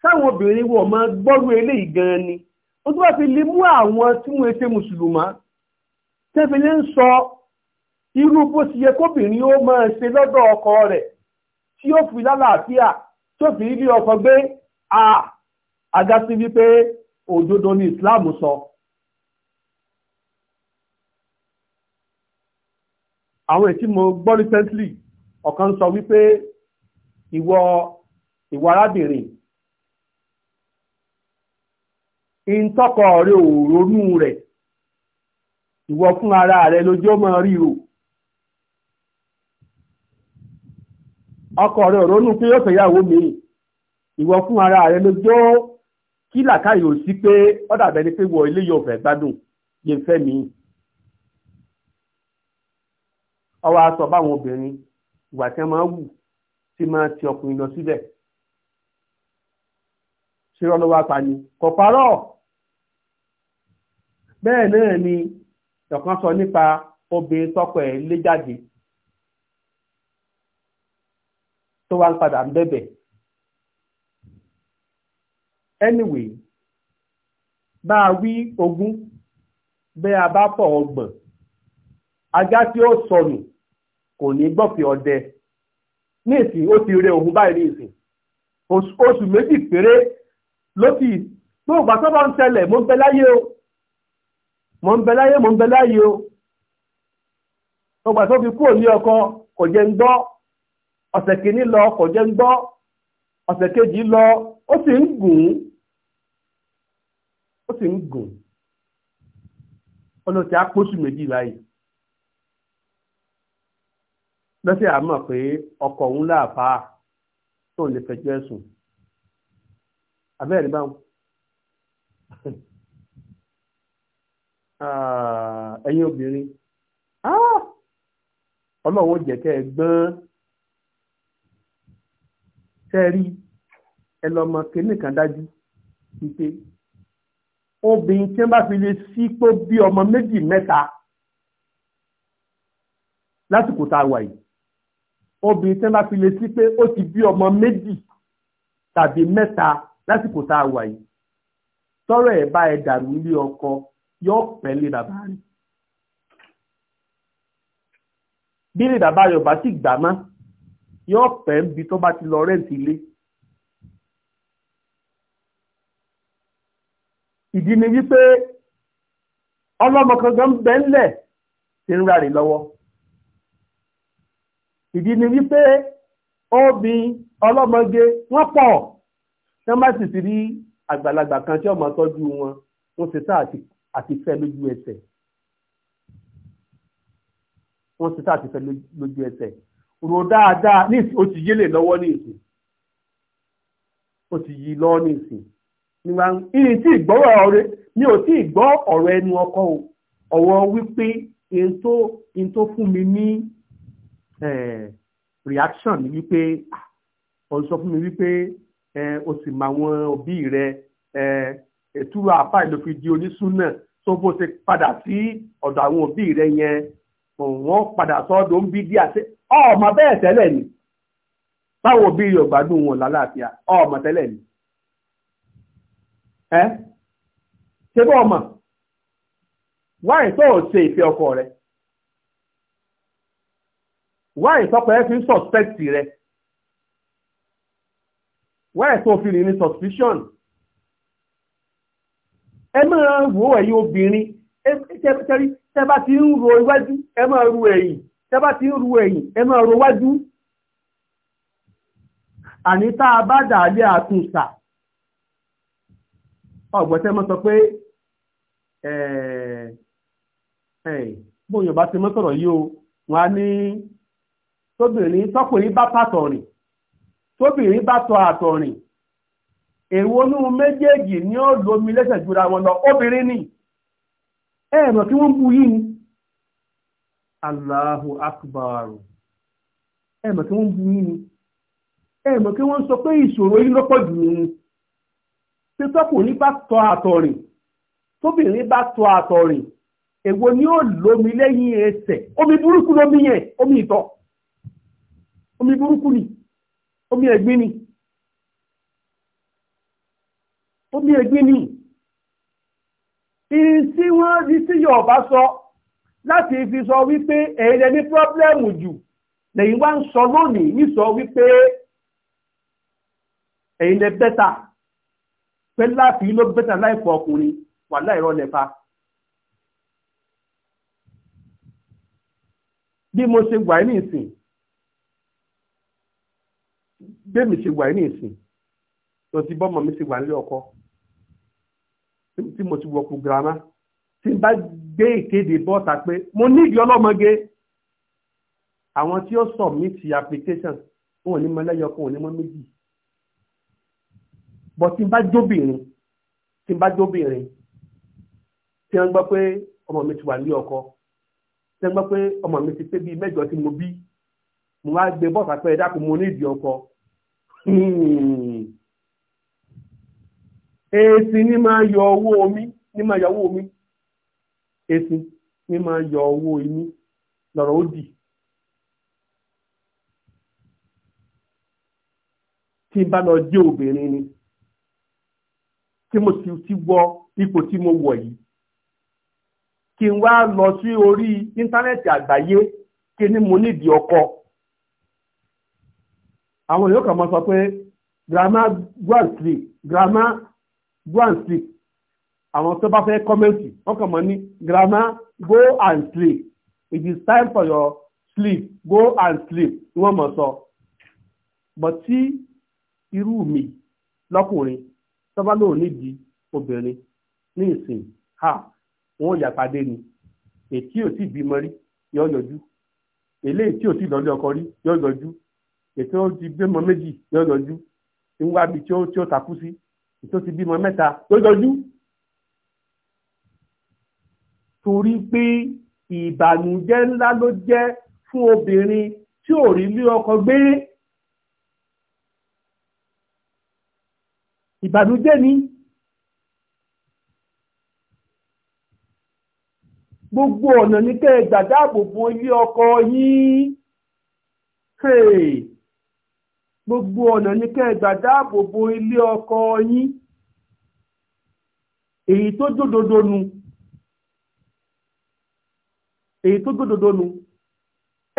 A: sáwọn obìnrin wọ̀ máa gbọ́rú eléyìí gan ni ó tún bá fi lè mú àwọn tí wọ́n irú bó ti yẹ kóbìnrin ó máa ṣe lọ́dọ̀ ọkọ rẹ̀ tí ó fi lálàáfíà tó fi rí ọkọ gbé a àga sí wípé òdodo ni Islam sọ. àwọn ètí mo gbọ́ recently ọ̀kan sọ wípé ìwọ ìwọ arábìnrin ìntọ́kọ̀ rẹ̀ òrónú rẹ̀ ìwọ fún ara rẹ̀ lójó mọ́ ríro. ọkọ rẹ ronú pé yóò fẹ́yàwó mi ìwọ fún ara rẹ ló jó kí làkàyè ò sí pé ó dàbẹ ni pé wọ ilé yóò fẹ́ gbádùn yé fẹ́ mi. ọwọ́ aṣọ báwọn obìnrin ìwà tí wọ́n máa wù tí máa ti ọkùnrin lọ síbẹ̀ ṣírọ́ ló wá pa ni kò parọ́ bẹ́ẹ̀ náà ni ọ̀kan sọ nípa obìnrin tọkọ ẹ̀ lé jáde tó wá ń padà ń bẹ̀bẹ̀ anyway bá a wí ogún bẹ́ẹ̀ a bá pọ̀ ọgbọ̀n ajá tí ó sọnù kò ní gbọ́fẹ̀ ọdẹ ní ìsìn ó ti rẹ òun báyìí ní ìsìn oṣù méjì péré ló ti gbóògbà tó bá ń ṣẹlẹ̀ mo ń bẹ láyé o mo ń bẹ láyé mo ń bẹ láyé o gbogbo àti fi kúrò ní ọkọ kò jẹ́ ń gbọ́ ọ̀sẹ̀ kìíní lọ kò jẹ́ ń gbọ́ ọ̀sẹ̀ kejì lọ ó sì ń gùn ó sì ń gùn ọlọ́tí apóṣù méjì báyìí lọ́sẹ̀ àmọ̀ pé ọkọ̀ òun láàfà tó lè fẹjọ́ ẹ̀sùn abẹ́rẹ́ báwọn ah, ẹ̀yin obìnrin ah! ọlọ́run jẹ́ kẹ́ ẹ gbọ́n sẹ́rí ẹlọ́mọ kìíní kan dájú wípé obìnrin tí wọ́n bá fi lè sí pé bí ọmọ méjì mẹ́ta lásìkò tá a wà yìí obìnrin tí wọ́n bá fi lè sí pé ó ti bí ọmọ méjì tàbí mẹ́ta lásìkò tá a wà yìí tọ́rọ̀ ẹ̀ bá ẹ dàrú ilé ọkọ yóò pẹ́ lé bàbá rẹ̀ bí lè bàbá rẹ̀ ò bá sì gbà mọ́ yóò pẹ́ níbi tó bá ti lọ rẹ́ǹtì ilé. ìdí ni wípé ọlọ́mọ kankan bẹ́ ńlẹ̀ ti ń rárẹ̀ lọ́wọ́. ìdí ni wípé obìnrin ọlọ́mọge wọ́n pọ̀ tí wọ́n bá sì ti rí àgbàlagbà kan tí ọmọ tọ́jú wọn wọ́n ti sá àti fẹ́ lójú ẹsẹ̀. wọ́n ti sá àti fẹ́ lójú ẹsẹ̀ rò dáadáa ní o ti yílè lọ́wọ́ ní ìsìn o ti yí lọ́wọ́ ní ìsìn nígbà ìní tí ìgbọ́wọ́ ọ̀rẹ́ mi ò tí ìgbọ́ ọ̀rọ̀ ẹnu ọkọ o ọ̀wọ́ wípé n tó fún mi ní reaction ni wípé ó sọ fún mi wípé o sì mọ àwọn òbí rẹ ètúrò àfáà ló fi di onísùnà tó bó ṣe padà sí ọ̀dọ̀ àwọn òbí rẹ yẹn wọ́n padà sọ́dọ̀ ń bí díà ọmọ bẹ́ẹ̀ tẹ́lẹ̀ ni báwo bí yorùbá dùn wọn lálàáfíà ọmọ tẹ́lẹ̀ ni ẹ ṣe bọ́ ọmọ wáyé tó ò ṣe ìfẹ́ ọkọ rẹ wáyé tọkọ ẹ fi ń suspect rẹ wáyé tó fi rìn ní suspicion ẹ máa wo ẹ̀yin obìnrin ẹ tẹ́rí tẹ́ bá ti ń ro iwájú ẹ máa ru ẹ̀yìn. tẹ́bá ti ń ru ẹ̀yìn ẹ máa wájú àní tá a àtúnṣà ọ̀gbọ̀tẹ́ mọ́ sọ pé bóyọ̀ bá ti mọ́ sọ̀rọ̀ yìí o wọ́n á ní tóbìnrin bá pàtọ̀ rìn tóbìnrin bá tọ rìn èwo nú méjèèjì ni ó lẹ́sẹ̀ jura wọn lọ obìnrin ni tí wọ́n ń ni. Allahu akbar ẹ mọ̀ kí wọ́n bu yín ni ẹ mọ̀ kí wọ́n sọ pé ìṣòro yín lọ́pọ̀ jù ní ṣe tọkùnrin bá tọ àtọ̀rìn tóbìnrin bá tọ àtọ̀rìn èwo ni ó lómi lẹ́yìn ẹsẹ̀ omi burúkú lómi yẹn omi ìtọ̀ omi burúkú ni omi ẹ̀gbin ni omi ẹ̀gbin ni ìsí wọn rí sí Yorùbá sọ láti fi sọ wípé ẹ̀yin lẹ ní pírọ́blẹ́mù jù lẹ́yìn wá ń sọ lónìí nísọ wípé ẹ̀yin lẹ bẹ́tà pé láàfin ló bẹ́tà láìpọ̀ ọkùnrin wà láìrọ́ lẹ́pa. bí mo ṣe wà ní ìsìn bẹ́ẹ̀mì ṣe wà ní ìsìn lọ sí bọ́mọ mi ṣe wà nílé ọkọ tí mo ti wọ kù girama tí n bá gbé ìkéde bọ́ta pé mo nídìí ọlọ́mọge àwọn tí ó submit application wọn ò ní mọ lẹ́yọ kan ò ní mọ méjì bọ́ tí n bá jóbìnrin tí n bá jóbìnrin tí wọ́n gbọ́ pé ọmọ mi ti wà ní ọkọ tí wọ́n gbọ́ pé ọmọ mi ti pé bíi mẹ́jọ tí mo bí mo wá gbé bọ́ta pé ẹ dákun mo nídìí ọkọ hmm. èsì ni máa yọ owó omi ni máa yọ owó omi. esi ní máa yọ owó inú lọ́rọ̀ ó tí n bá lọ jẹ́ obìnrin ni tí mo ti ti wọ ipò tí mo wọ̀ yìí kí n wá lọ sí orí íńtánẹ́ẹ̀tì àgbáyé kí ni mo nídìí ọkọ àwọn èèyàn kà máa sọ pé grandma go and sleep àwọn tó bá fẹ́ kọ́mẹ́ǹtì wọ́n kàn mọ́ ní grandma go and sleep it is time for your sleep go and sleep ni wọ́n mọ̀ sọ. bọ̀ tí irú mi lọ́kùnrin tó bá lóun nídìí obìnrin ní ìsìn ha wọn ò yàpàdé ni ètí ò tí bímọ rí yọ yọjú eléyìí tí ò tí lọlé ọkọ rí yọ yọjú ètò ti bímọ méjì yọ yọjú ìwà bíi tí ó takú sí ètò ti bímọ mẹ́ta yọ yọjú torí pé ìbànújẹ́ ńlá ló jẹ́ fún obìnrin tí ò rí ilé ọkọ gbé. ìbànújẹ́ ni gbogbo ọ̀nà ní kẹ́ gbàdáàbò fún ilé ọkọ yín gbogbo ọ̀nà ní kẹ́ gbàdáàbò fún ilé ọkọ yín èyí tó jódodo nu èyí tó gbódòdó nu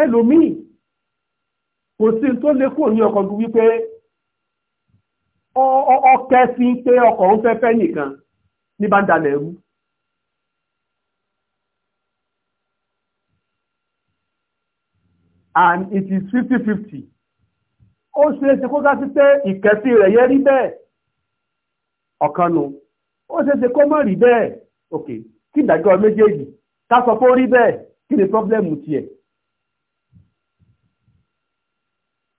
A: ẹlòmíì kò sí tó lè kúrò ní ọkọ̀ wípé ọkẹ́ sí pé ọkọ̀ ń fẹ́ nìkan ní bá ń dalẹ̀ rú. and it is fifty fifty ó ṣe é ṣe kó ká sí pé ìkẹ́sí rẹ̀ yẹ rí bẹ́ẹ̀ ọ̀kan nu ó ṣe é ṣe kó má rí bẹ́ẹ̀ ok kí ìdájọ́ méjèèjì ká sọ pé rí bẹ́ẹ̀ kí ni pọ́blẹ́mù tiẹ̀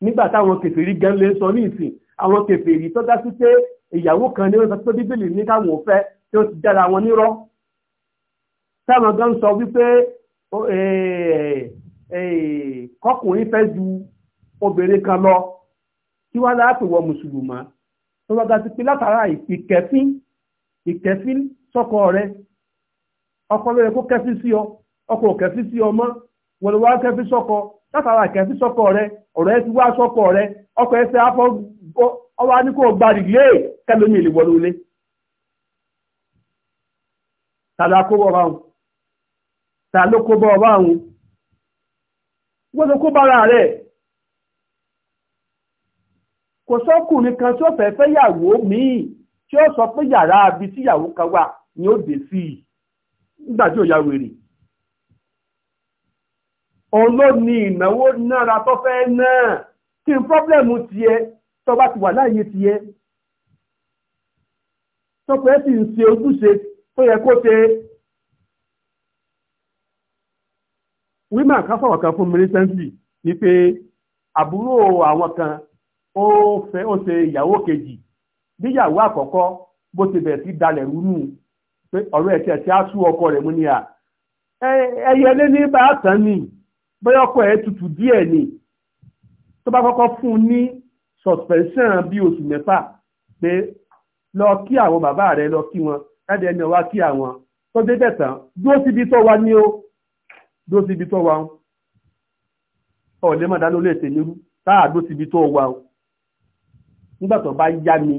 A: nígbà táwọn kèfèrí gan lè sọ ní ìsìn àwọn kèfèrí tó dá sí pé ìyàwó kan ní wọ́n sọ pé bíbélì ní káwọn ò fẹ́ tí ó ti dára wọn nírọ́ táwọn gan sọ wípé kọkùnrin fẹ́ ju obìnrin kan lọ kí wọ́n láti wọ mùsùlùmá tó wọ́n ga sí pé látara ìkẹfín ìkẹfín sọ́kọ rẹ ọkọ lóye kó kẹfín sí ọ ọkọ kẹfí sí ọmọ wọn ló wá kẹfí sọkọ látara kẹfí sọkọ rẹ ọ̀rọ̀ ẹ ti wá sọkọ rẹ afọ ọwọ́ aníkó lé kẹlómi wọlé olé tà ló kó bọ́ kó bára rẹ̀ kò sọ́kùnrin kan tí ó fẹ́ fẹ́ yàwó míì tí ó sọ pé yàrá abi tí yàwó kan ni ó dé sí i òun ló ní ìnáwó nára tó fẹ́ náà kí n pọ́blẹ̀mù tiẹ̀ tó bá ti wà láàyè tiẹ̀ tó pẹ́ sì ń ṣe ojúṣe tó yẹ kó ṣe wímà ká sọ̀rọ̀ kan fún mi recently ni pé àbúrò àwọn kan ó fẹ́ ó ṣe ìyàwó kejì níyàwó àkọ́kọ́ bó ti bẹ̀rẹ̀ sí dalẹ̀ rúnú pé ọ̀rọ̀ ẹ̀kẹ́ tí a tú ọkọ rẹ̀ mú ni à ẹyẹlé ní bá tán ni bóyá ọkọ ẹ̀ tutù díẹ̀ ni tó bá kọ́kọ́ fún un ní suspension bíi oṣù mẹ́fà pé lọ kí àwọn bàbá rẹ lọ kí wọn láti ẹni ọwá kí àwọn tó dé bẹ̀ tán dúró síbi tó wa ní o dúró síbi tó wa ọ̀ lè má dáná lè tèmi rú táà dúró síbi tó wa o nígbà tó bá yá mi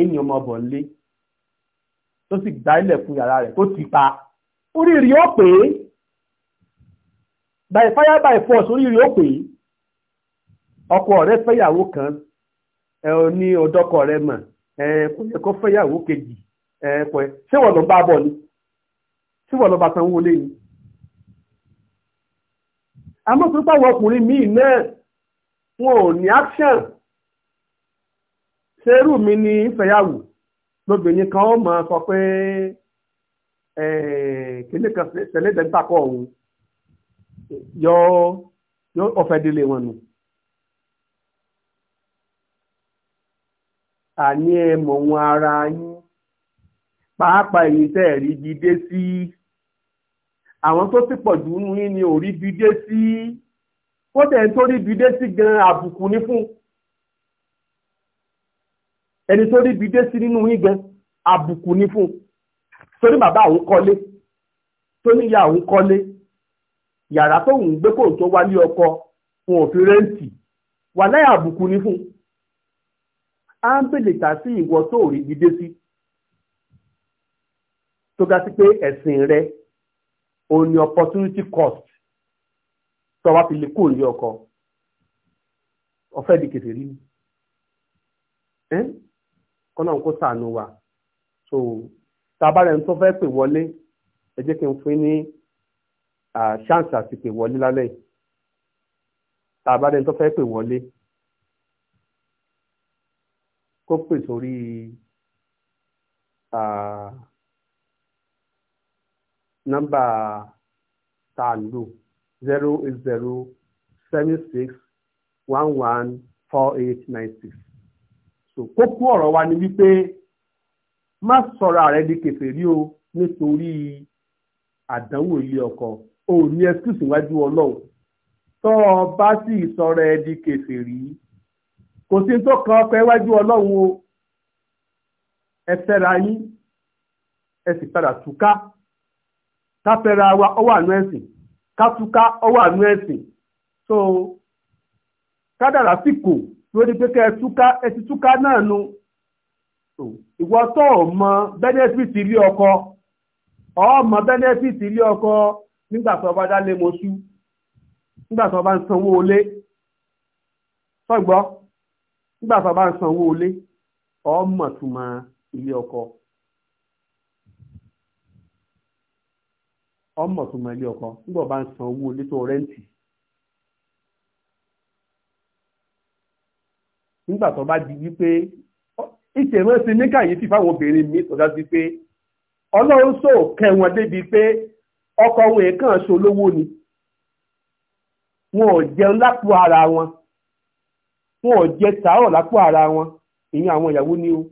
A: ẹni ọmọ ọbọ̀ ńlé tó sì gbá ilẹ̀ fún yàrá rẹ̀ tó ti pa orí ó pè é by fire by force orí rẹ̀ ó pè é ọkọ rẹ̀ fẹ́yàwó kan ẹ ò ní ọdọkọ rẹ̀ mọ̀ ẹ kò yẹ kó fẹ́yàwó kejì ẹ kò yẹ ṣé wọ́n lọ bá bọ̀ ni ṣé wọ́n lọ bá sanwó lé ni. àmọ́ tó bá wọn ọkùnrin míì náà wọn ò ní action ṣé irú mi ni ìfẹ́yàwó lóbìnrin kan ó mọ̀ sọ pé kìnìkan tẹ̀lé dẹ́gbàkọ̀ òun yọ yọ ọ̀fẹ́ délé wọn nù. àní ẹ mọ̀ wọn ara yín pàápàá ẹ̀yin tẹ́ ẹ̀ rí ibi dé sí àwọn tó ti pọ̀ jù nínú ni ò rí ibi dé sí kódà ẹni tó rí ibi sí gan àbùkù ní fún ẹni tó rí ibi sí nínú yín gan àbùkù ní fún torí bàbá àwọn kọ́lé tó níyà àwọn kọ́lé yàrá tóun gbé kóun tó wálé ọkọ fún òfin rẹ́ǹtì wà láyà àbùkù ní fún à ń bèlè tà sí ìwọ tó rí gidé sí tó ga sí pé ẹ̀sìn rẹ òun ni opportunity cost tó wá fi lè kó òun lé ọkọ ọ̀fẹ́ di kèfè rí ni kọ́nà ń kó sàánú wa so tabarẹ̀ ń tó fẹ́ pè wọlé ẹ jẹ́ kí n fún ní ṣáǹsì àti pè wọlé lálẹ́ tá a bá dẹni tó fẹ́ pè wọlé kó pè sórí nọ́mbà tá a lò zero eight zero seven six one one four eight nine six so kókó ọ̀rọ̀ wa ni wípé má sọ̀rọ̀ ààrẹ di kèfèrí o nítorí àdánwò ilé ọkọ ò ní excuse níwájú ọlọ́run tó o bá sì sọ̀rọ̀ ẹ di kèfèrí kò sí tó kan ọkọ̀ iwájú ọlọ́run o ẹ yín ẹ padà túká ká wa ọwọ́ àánú ẹ̀sìn ká ọwọ́ àánú ẹ̀sìn so kádàrá sì kò lórí pé kẹ́ ẹ túká ẹ ti túká náà nu ìwọ tó o mọ benefit ilé ọkọ ọ mọ ilé ọkọ nígbà tó dá dálé mo sú nígbà tó bá ń sanwó olé sọ́gbọ́ nígbà tó bá ń sanwó olé ọmọ túmọ̀ ilé ọkọ ọmọ túmọ̀ ilé ọkọ nígbà bá ń sanwó olé tó rẹ́ǹtì nígbà tó bá di wípé ìtẹ̀mọ́sí ní kàyéfì fáwọn obìnrin mi tó dájú pé ọlọ́run sọ kẹwọn débi pé ọkọ wọn èèkàn ṣolówó ni wọn ò jẹun lápò ara wọn wọn ò jẹ tàárọ̀ lápò ara wọn ìyẹn àwọn ìyàwó ni o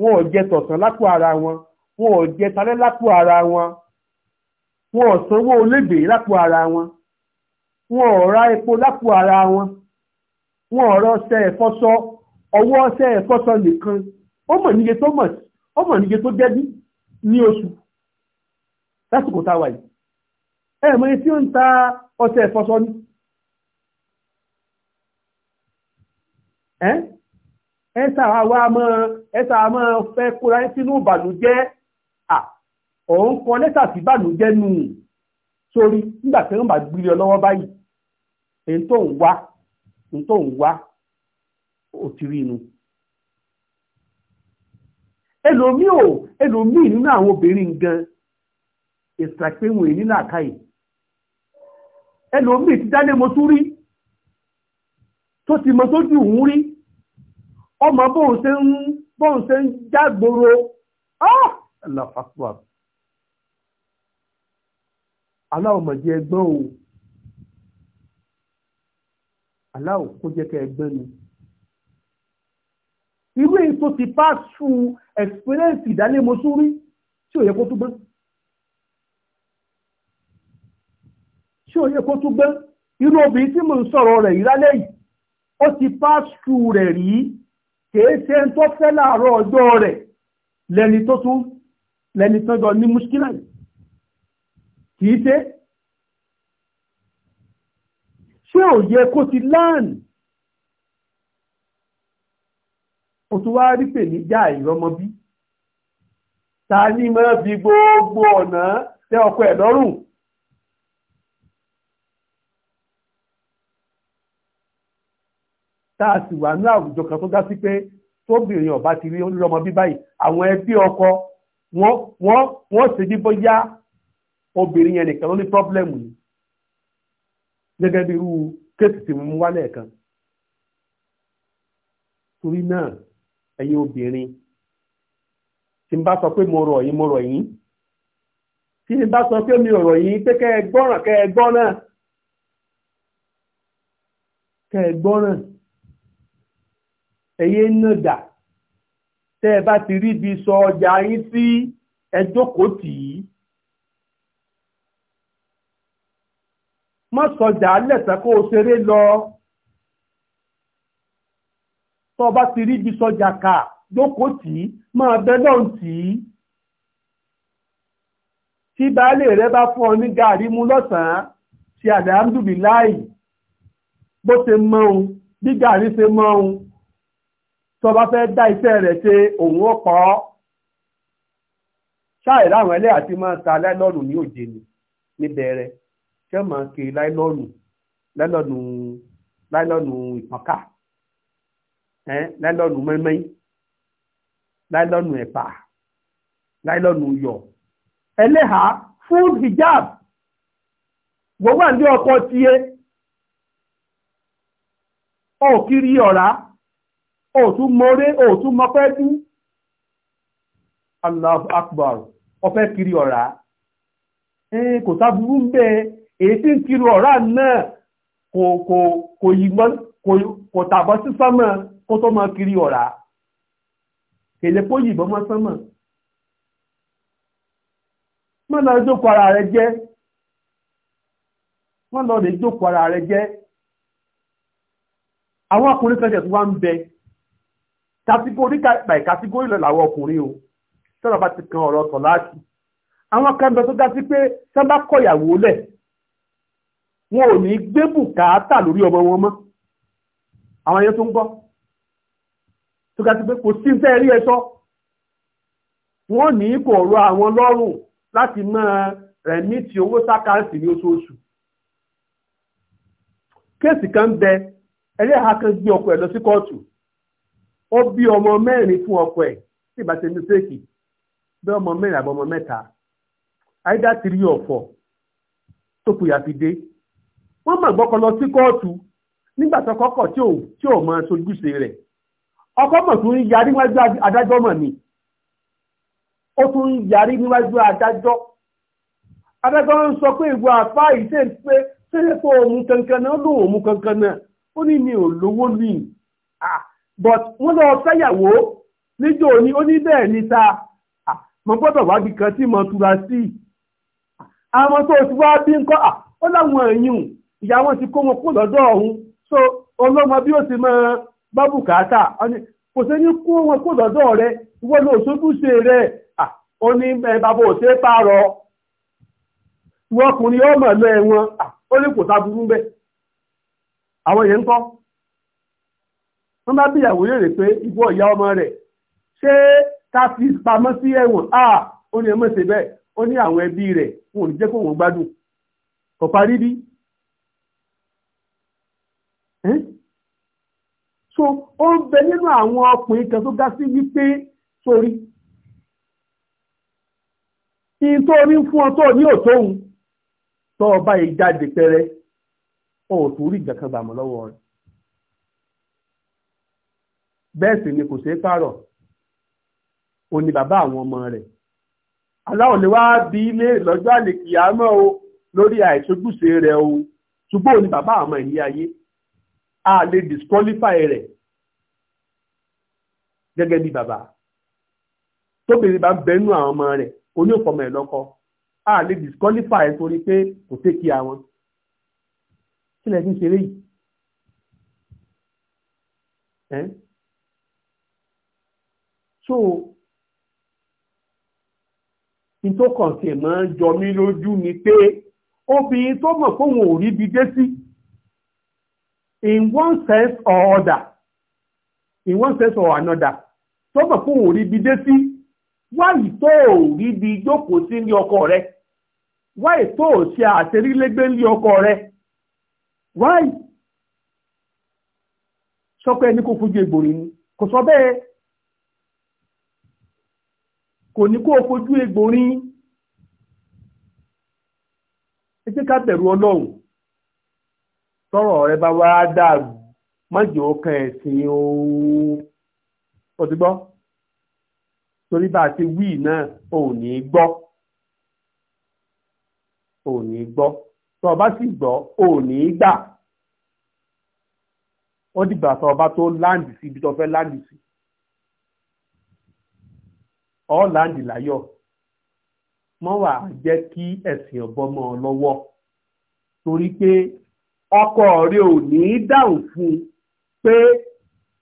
A: wọn ò jẹ tọ̀sán lápò ara wọn wọn ò jẹ talẹ́ lápò ara wọn wọn ò sanwó olégbè lápò ara wọn wọn ò ra epo lápò ara wọn wọn ò rọ ọṣẹ ẹ̀fọ́sọ ọwọ́ ọṣẹ ẹ̀fọ́sọ nìkan ó mọ̀ níye tó mọ̀ ó mọ̀ níye tó dẹ́bí ní oṣù lásìkò táwa yìí ẹ̀mọ́ tí ó ń ta ọṣẹ ìfọṣọ ni ẹ́sà àwa mọ́ ẹ́sà ọ fẹ́ kóra sínú ìbànújẹ́ òun kọ lẹ́sà sí ìbànújẹ́ nù sórí nígbà tí wọ́n bá gbélé ọ báyìí èyí ò ẹlòmíì nínú àwọn obìnrin gan ẹlòmí ti dálé mo tún rí tó ti mọ sójú òun rí ọmọ bóun ṣe ń bóun ṣe ń jágboro ah! aláwọ̀mọ̀jẹ́ ẹgbọ́n o aláwọ̀ kó jẹ́ kẹ́ ẹgbẹ́ ni irú èyí tó ti pass through experience ìdálémosú rí tí ò yẹ kó túbọ̀ tí ó yẹ kó tún gbé irú obìnrin tí mò ń sọ̀rọ̀ rẹ̀ yìí lálẹ́ yìí ó ti pass through rẹ̀ rí kìí ṣe ń tó fẹ́ láàárọ̀ ọjọ́ rẹ̀ lẹ́ni tó tún lẹ́ni tó jọ ní muskila yìí kìí ṣe ṣé ò yẹ kó ti láàánì ó tún wá rí pè ní já ìrọmọ bí ta ni máa fi gbogbo ọ̀nà tẹ ọkọ ẹ̀ lọ́rùn tá a sì wà ní àwùjọ kan tó dá sí pé tóbìnrin ọba ti rí lọ́mọ bí báyìí àwọn ẹbí ọkọ wọ́n wọ́n wọ́n ṣe bí bóyá obìnrin yẹn nìkan ló ní pọ́blẹ́mù yìí gẹ́gẹ́ bí irú kéèsì tí mo wá lẹ́ẹ̀kan torí náà ẹ̀yin obìnrin tí n bá sọ pé mo rọ̀ yín mo rọ̀ yín tí n bá sọ pé mi ò yín pé kẹ́ ẹ gbọ́ràn kẹ́ ẹ gbọ́ràn kẹ́ ẹ gbọ́ràn ẹ̀yẹ nàdà tẹ́ ẹ bá ti rí ibi sọ ọjà yín sí ẹjókòó tì í. má sọjà lẹ́sẹ̀ kó o ṣeré lọ tó bá ti rí ibi sọjà kà jókòó tì í máa bẹ lọ́hùn tì í. tí baálé rẹ bá fún ọ ní gàrí mu lọ́sàn-án ṣe àdáhàmdùbí láì bó ṣe mọ́ ohun bí gàrí ṣe mọ́ ohun tó bá fẹ́ dá iṣẹ́ rẹ̀ ṣe òun ó pọ̀ ọ́ ṣáà láwọn ẹlẹ́ àti máa ta láìlọ́ọ̀nù ní òjè ni níbẹ̀rẹ̀ ṣé máa ke láìlọ́ọ̀nù láìlọ́ọ̀nù láìlọ́ọ̀nù ìpọ́nká láìlọ́ọ̀nù mẹ́mẹ́yìn láìlọ́ọ̀nù ẹ̀pà láìlọ́ọ̀nù yọ̀ ẹlẹ́hà full hijab wọ́n wà ní ọkọ̀ tiẹ̀ ọ̀kiri ọ̀rá. òtún mọ́ré òtún mọ́pẹ́ Akbar kiri ọ̀rá kò ń èyí ń kiri ọ̀rá náà kò sí kó tó mọ́ kiri ọ̀rá kèlè kó yìnbọn mọ́ wọ́n lọ jókòó ara rẹ jẹ́ wọ́n lọ jókòó ara rẹ jẹ́ kàtígórì by kàtígórì lọ làwọn ọkùnrin o sọ́dọ̀ bá ti kan ọ̀rọ̀ ọ̀tọ̀ láti àwọn kan bẹ tó dá sí pé sábà kọ̀yàwó lẹ̀ wọn ò ní gbé bùkátà lórí ọmọ wọn mọ́ àwọn tó ń gbọ́ tó dá sí pé kò sí iṣẹ́ rí ẹṣọ́ wọn ní kò rọ àwọn lọ́rùn kan bẹ ẹlẹ́hàá kan gbé o bi ọmọ mẹ́rin fún ọkọ ẹ̀ tí ìbá ṣe mistake ọmọ mẹ́rin àbọ̀ ọmọ mẹ́ta either three ọ̀fọ̀ tó kùyà fi dé wọ́n mọ̀ gbọ́kọ lọ sí kóòtù nígbà tó kọ́kọ́ tí ò mọ sojúṣe rẹ̀ ọkọ mọ̀ tún ń yarí adájọ́ mọ̀ ni ó tún ń yarí níwájú adájọ́ adájọ́ ń sọ pé ìwà àfá ìṣe ń pé but wọ́n lọ fẹ́yàwó níjọ́ òní ó ní bẹ́ẹ̀ ni ta gbọ́dọ̀ wá bí kan tí mo tura sí àwọn tó ti wá bí nǹkan ó láwọn ti kó wọn lọ́dọ̀ ọ̀hún so ọlọ́mọ bí ó ti mọ bá bùkátà kò sí ní kó wọn kú lọ́dọ̀ rẹ rẹ ó ní bàbá pààrọ̀ ìwọkùnrin ọmọ ẹ̀wọ̀n ó ní kò bẹ́ẹ̀ wọ́n bá bí ìyàwó léèrè pé ìwọ ìyá ọmọ rẹ̀ ṣé ká fi pamọ́ sí ẹ̀wọ̀n a ó ní ẹmọ́ ṣe bẹ́ẹ̀ ó ní àwọn ẹbí rẹ̀ wọn ò ní jẹ́ kó wọn gbádùn kò parí bí. so ó ń bẹ nínú àwọn ọkùnrin kan tó dá sí wípé sórí in tó ní fún ọ tó ní òtóhun tó ọba ìjáde pẹrẹ ọ̀tún rí ìjàkan gbàmọ́ lọ́wọ́ rẹ̀ bẹ́ẹ̀ ni kò ṣeé pààrọ̀ ó ní bàbá àwọn ọmọ rẹ̀ aláwọ̀ lè wá bí ilé lọ́jọ́ àlèkìyàmọ́ o lórí àìsójúṣe rẹ̀ o ṣùgbọ́n ó ní bàbá àwọn ìlé ayé a lè disqualify rẹ̀ gẹ́gẹ́ bí bàbá tóbìnrin bá bẹnu àwọn ọmọ rẹ̀ oníòfọmọ ẹ̀ lọ́kọ a lè disqualify torí pé kò tẹ́kì àwọn kí lẹ́yìn ṣeré yìí so ń jọ mí lójú ni pé obìnrin tó mọ̀ in one sense or another tó mọ̀ fóun ò rí bi dé rí bi jókòó sí ní rẹ tó ṣe ní ọkọ rẹ ẹni fojú egbòrin ni kò sọ kò ní kó fojú egbò rín ẹ jẹ́ ká bẹ̀rù ọlọ́run tọ́rọ̀ rẹ bá wá dàrú mọ́jì ọkàn ẹ̀sìn ooo ó ti gbọ́ torí bá a ti wí náà ò ní gbọ ò ní gbọ tọ́ ọ bá sì gbọ ò ní gbà ó dìgbà tọ́ ọ bá tó láǹdì sí ibi tó fẹ́ láǹdì sí. ọ̀làǹdì láyọ̀ mọ́ wà á jẹ́ kí ẹ̀sìn ọ̀bọ mọ́ torí pé ọkọ rẹ ò ní í dáhùn fún un pé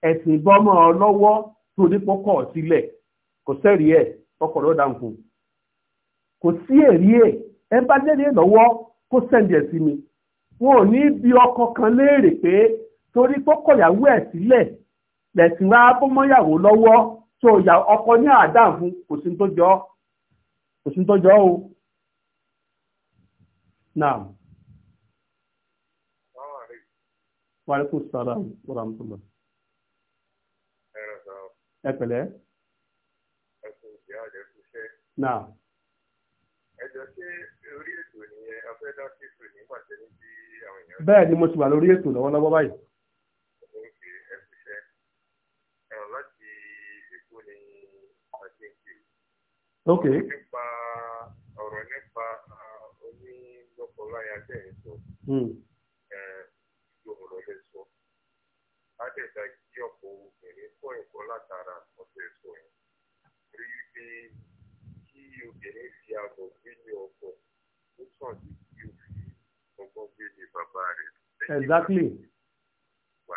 A: ẹ̀sìn bọ́ mọ́ ọ lọ́wọ́ torí pọ́kọ̀ kò sẹ́rí ẹ̀ ọkọ rẹ ò dáhùn fún kò sí èrí ẹ̀ ẹ bá lérí ẹ̀ lọ́wọ́ kó sẹ́ndì ẹ̀ sí mi wọn ò ní bí ọkọ kan léèrè pé torí pọ́kọ̀ ìyàwó ẹ̀ sílẹ̀ lẹ̀sìn wá bọ́mọ́yàwó lọwọ. tó ìyà ọkọ ní àdáà fún kò sí tó jọ kò sí tó jọ o naam wàlékún sára ọ̀ràmùtọ́lọ̀ ẹ pẹ̀lẹ́ naam
B: ẹjọ́ ṣé orí ètò nìyẹn ọfẹ́ dá sí ètò nígbà tẹ́lẹ̀ bí àwọn èèyàn. bẹ́ẹ̀ ni
A: mo ti wà lórí ètò lọ́wọ́lọ́wọ́ báyìí. ok.
B: nípa ọ̀rọ̀ nípa onílọ́kọ̀ọ́láyà tẹ̀ ẹ̀ sọ. yóò hmm. lọ lè sọ. á kí ọ̀pọ̀ obìnrin kọ́ ẹ̀kọ́ látara ọ̀sẹ̀ sọ yẹn. rí i pé kí obìnrin fi àbọ̀
A: gbélé ọkọ̀ ó sàn ju kí o fi ọgbọ́n gbélé bàbá rẹ̀. exactly. wà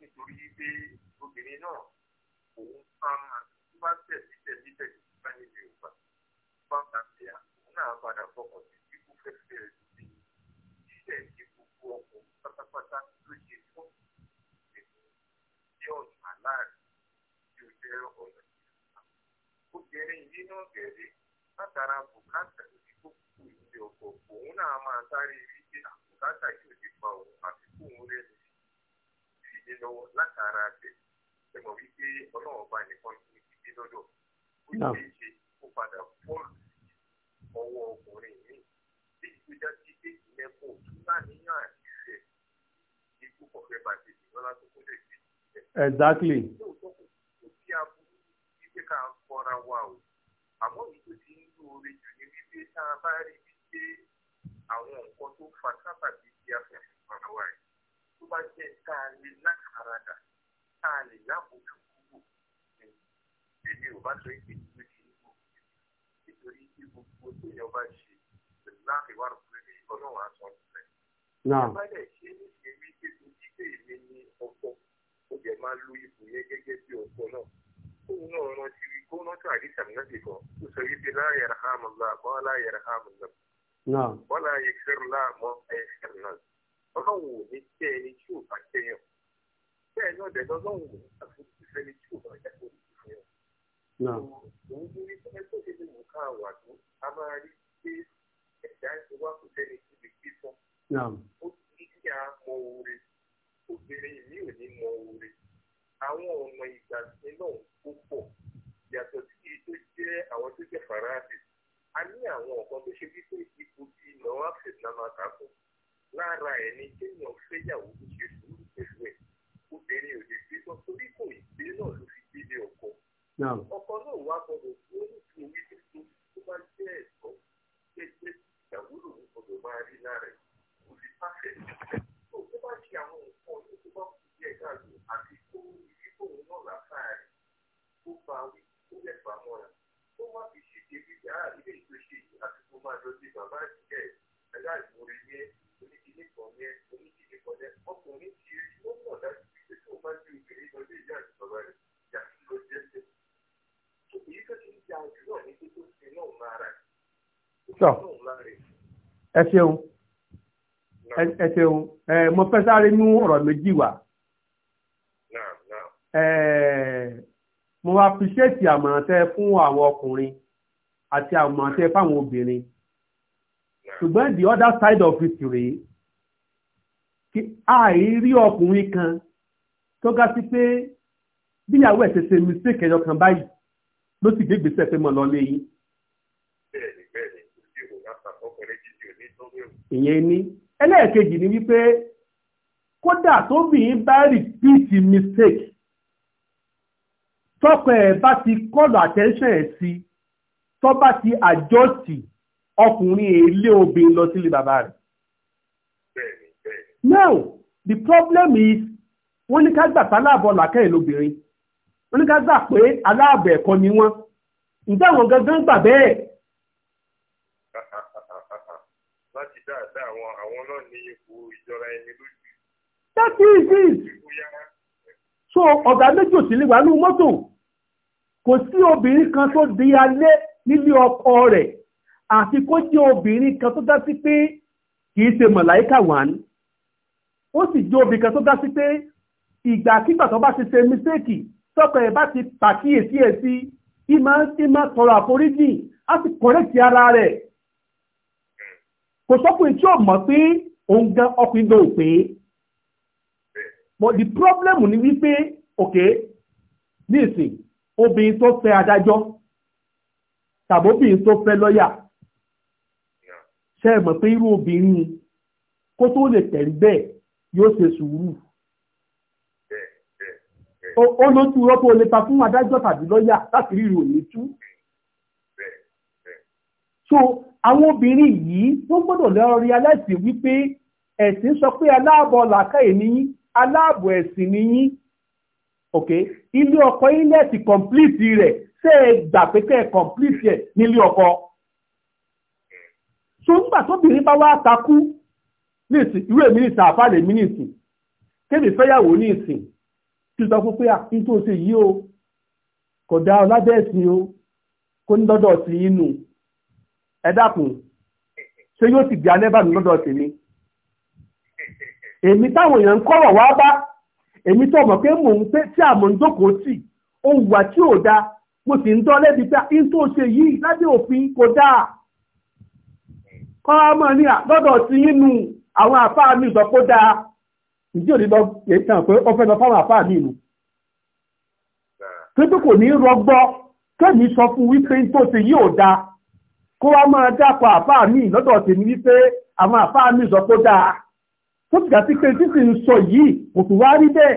B: nítorí pé obìnrin náà òun fá máa tó bá tẹ̀sí tẹ̀sí tẹ̀sí bá ní ìlú ìgbà bá máa tẹ̀ à òun náà padà fọkàn sí kíkú fẹ́fẹ́ rẹ̀ sí iṣẹ́ ti gbogbo ọkọ̀ pátápátá tó ṣe fún ìlú tí ọ̀nà aláàrí tí ó jẹ́ ọ̀nà ìlú. obìnrin yìí náà gẹ̀rẹ́ látara bùkátà tí gbogbo ìṣe ọkọ̀ òun náà máa sáré rí sí àbùkátà yìí ti pa òun àti lé lọ́wọ́ látara rẹ̀ ẹ wípé ọlọ́run ọba nìkan ní ìdílé lọ́dọ̀ ó ṣe é ṣe kó padà fọ́ọ̀lù ọwọ́ ọkùnrin mi èyí tó já sí pé ìyẹn kò láníyàn àti ìfẹ́ ikú kọ̀ọ̀fẹ́ bàtẹ́ ìjọba tó kó lè gbé. exactly. kò sí aburú wípé ká fọra wa o àmọ́ èyí tó ti ń lóore jù ní wípé tá a bá rí wípé àwọn nǹkan tó fa sábàbí di afẹ́fẹ́ fara wa yìí tó bá jẹ́ tá a lè lákàràdà tá a lè lábòjú kúrò èmi ò bá sọ èdè nínú ìṣèlú nítorí tí gbogbo èèyàn bá ṣe pẹ̀lú láàrin wà lórí ní ọlọ́run aṣọ ọ̀sẹ̀. bá lè ṣe é ṣe mí tètè títè mi ní ọkọ ó jẹ máa lo ipò yẹn gẹ́gẹ́ bí ọkọ náà òun náà rántí kó rántí àdìsàn náà ti kọ ó sọ yìí pé láàyè rahamu allah wọ́n láàyè rahamu allah wọ́n láàyè kẹrù láàmú ẹ̀ṣẹ̀ náà ọlọ́run ò ní kẹ́ ẹni tí ò bá kẹ́ yẹn bẹ́ẹ̀ náà dẹ̀ lọ́lọ́run ò ní àforíjì fẹ́ni tí ò bá jẹ́ kó ti fún yẹn.
A: òun
B: tó ní sọ́kẹ́ tó ṣe ní nǹkan àwàdùn a máa rí pé ẹ̀dá ti wá kó sẹ́ni tí lè gbé tán. ó ti kí a mọ oore obìnrin mi ò ní mọ oore àwọn ọ̀nà ìgbàgbé náà ó pọ̀ yàtọ̀ sí iye tó jẹ́ àwọn tó jẹ́ faransé a ní àwọn ọ̀kan tó ṣe wípé ipò ti ìnáwó àfẹ̀sánmá kà fún un lára ẹ̀ ni kéèyàn fẹ́yàwó ló ṣe sùúrù pẹ̀lú ẹ̀ obìnrin ò lè gbé lọ torí kò ìgbé náà ló fi gbé ní ọkọ. ọkọ náà wá gbọdọ̀ tí ó ní kí orí tuntun tó bá jẹ́ ẹ̀kọ́ jẹ́jẹ́ ìyàwó lòun gbọdọ̀ máa rí lára ẹ̀ kò sì bá fẹ́ tó tó bá ṣe àwọn nǹkan ní tó bá kú díẹ̀ káàdùn àti kó ìdí tóun náà làákàrẹ̀ tó bá wí tó lẹ̀ fà mọ́ra tó má fi ṣèké gbígbà ah, ilé ìtòṣe àti tó máa lọ ìdíkọ̀ yẹn oníṣìdíkọ̀ yẹn ọkùnrin ti rí ó mọ̀ dájú pé tó bá ju obìnrin lọ sí ìyá sọ
A: ẹ ṣeun ẹ ṣeun ẹ mo fẹ́ sáré mú ọ̀rọ̀ méjì wá mo appreciate àmọ̀ràn tẹ́ fún àwọn ọkùnrin àti àmọ̀ràn tẹ́ fáwọn obìnrin ṣùgbọ́n the other side of history kí àìrí ọkùnrin kan tó ga sí pé bíyàwó ẹ̀ ṣe ṣe mistake ẹyọ kan báyìí ló sì gbé gbèsè pé mo lọ lé yín.
B: bẹ́ẹ̀ni bẹ́ẹ̀ni kò sí ìròyìn àtàkọkùnrin jíjì ò ní tó wéwù.
A: ìyẹn ni ẹlẹ́ẹ̀kejì ni wípé kódà tóbìnrin bá rìpíìtì mistake tọ́kọ ẹ̀ bá ti kọlù attention ẹ̀ sí tọ́ bá ti àjọ́sì ọkùnrin èlé obìnrin lọ sílé bàbá rẹ̀ now the problem is wọ́n ní ká gbà pé aláàbọ̀ làákẹ́ lóbìnrin wọ́n ní ká gbà pé aláàbọ̀ ẹ̀kọ́ ni wọ́n ǹjẹ́ àwọn gangan gbà bẹ́ẹ̀.
B: láti dáadáa àwọn àwọn náà ní ipò ìjọra ẹni lójú.
A: that is it. so ọ̀gá méjì ò sí lè wà ní mọ́tò kò sí obìnrin kan tó di alẹ́ nílé ọkọ rẹ̀ àti kó jẹ́ obìnrin kan tó dá sí pé kì í ṣe mọ̀láìkà wà ní ó sì jẹ́ obì kan tó dá sí pé ìgbàkígbà tó bá ti ṣe mistake tọkọ ẹ̀ bá ti pàkíyèsí ẹ̀ sí ìmọ̀ tọrọ àforíjì á sì kọ̀rẹ́tì ara rẹ̀ kò sọ́kùnrin tí ò mọ̀ pé òun gan ọkùnrin ló pé but the problem ni wípé òkè ní ìsìn obìnrin tó fẹ́ adájọ́ tàbóbìnrin tó fẹ́ lọ́yà ṣe é mọ̀ pé irú obìnrin kó tó lè tẹ̀rí bẹ́ẹ̀ yóò ṣe sùúrù ó lójú rọ́pò lè ta fún adájọ́ tàbí lọ́yà láti rí ìròyìn tú so àwọn obìnrin yìí tó gbọ́dọ̀ lọ realize wípé ẹ̀sìn sọ pé aláàbọ̀ làákàyè níyí aláàbọ̀ ẹ̀sìn níyí ok ilé ọkọ inlet complete rẹ̀ ṣe é gbà pé kẹ́ ẹ̀ complete ẹ̀ nílé ọkọ so nígbà tóbìnrin bá wá takú nísìn ìwé mi nísìn àfàlẹ̀ mi nísìn kébì fẹ́yàwó nísìn tí sọ fún pé nítòsí yìí o kò dá ọ lábẹ́ ẹ̀sìn o kó ní lọ́dọ̀ sí inú ẹ dákun ṣé yóò sì di alẹ́bàánu lọ́dọ̀ tèmi èmi táwọn èèyàn ń kọ́rọ̀ wá bá èmi tó mọ̀ pé mò ń pé tí àmọ́ ń jókòó tì ó wà tí ò dáa mo sì ń dán lẹ́bi pé in tó ṣe yìí lábẹ́ òfin kò dáa kọ́ á mọ̀ ní àlọ́dọ̀ sí inú àwọn àfáà mi sọ pé ó dáa ìdí òní lọ ètàn pé ó fẹ́ lọ fáwọn àfáà mi nù pípé kò ní rọgbọ kẹ́mi sọ fún wípé tó ti yí ò dáa kó wá máa dápọ̀ àfáà mi lọ́dọ̀ tèmi wípé àwọn àfáà mi sọ pé ó dáa tó ti dá sí pé títí ń sọ yìí kò tún wá rí bẹ́ẹ̀.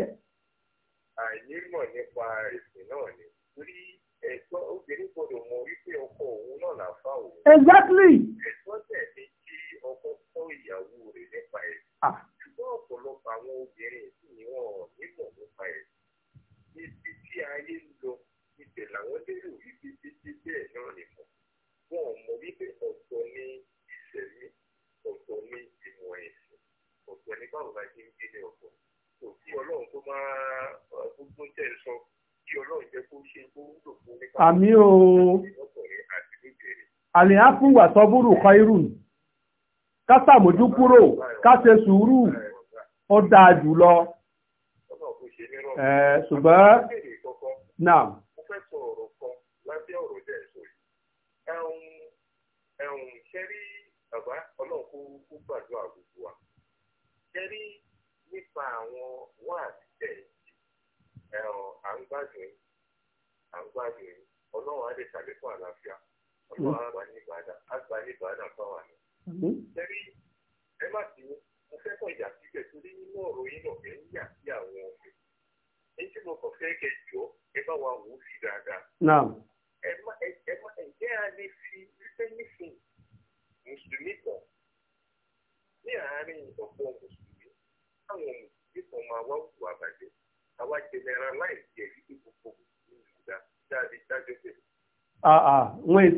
B: àìnímọ̀ nípa ẹ̀sìn náà ni torí ẹ̀tọ́ obìnrin gbọ́dọ̀ mọ wípé ọkọ òun náà làfà òun kọ́ ìyàwó rẹ̀ nípa ẹ̀. ṣùgbọ́n ọ̀pọ̀lọpọ̀ àwọn obìnrin sì ni wọn ò nímọ̀ nípa ẹ̀. ibi tí ayé ń lọ ibẹ̀ làwọn lérò wípé títí bẹ́ẹ̀ náà nìkan. wọn ò mọ̀ wípé ọ̀tọ̀ ni ìṣẹ̀mí ọ̀tọ̀ ni ìmọ̀ ẹ̀sìn ọ̀tọ̀ ni báwo la ṣe ń gbé ní ọ̀tọ̀. kò sí ọlọ́run tó máa gbogbo tẹ̀ sọ kí ọlọ́run jẹ́ kó ṣe kó fún nípa. àmì
A: o àlè á fún wà sọ́búrú kọ́ irú ni ṣàmójú kúrò ká ṣe sùúrù ó dáa ṣùgbọ́n náà.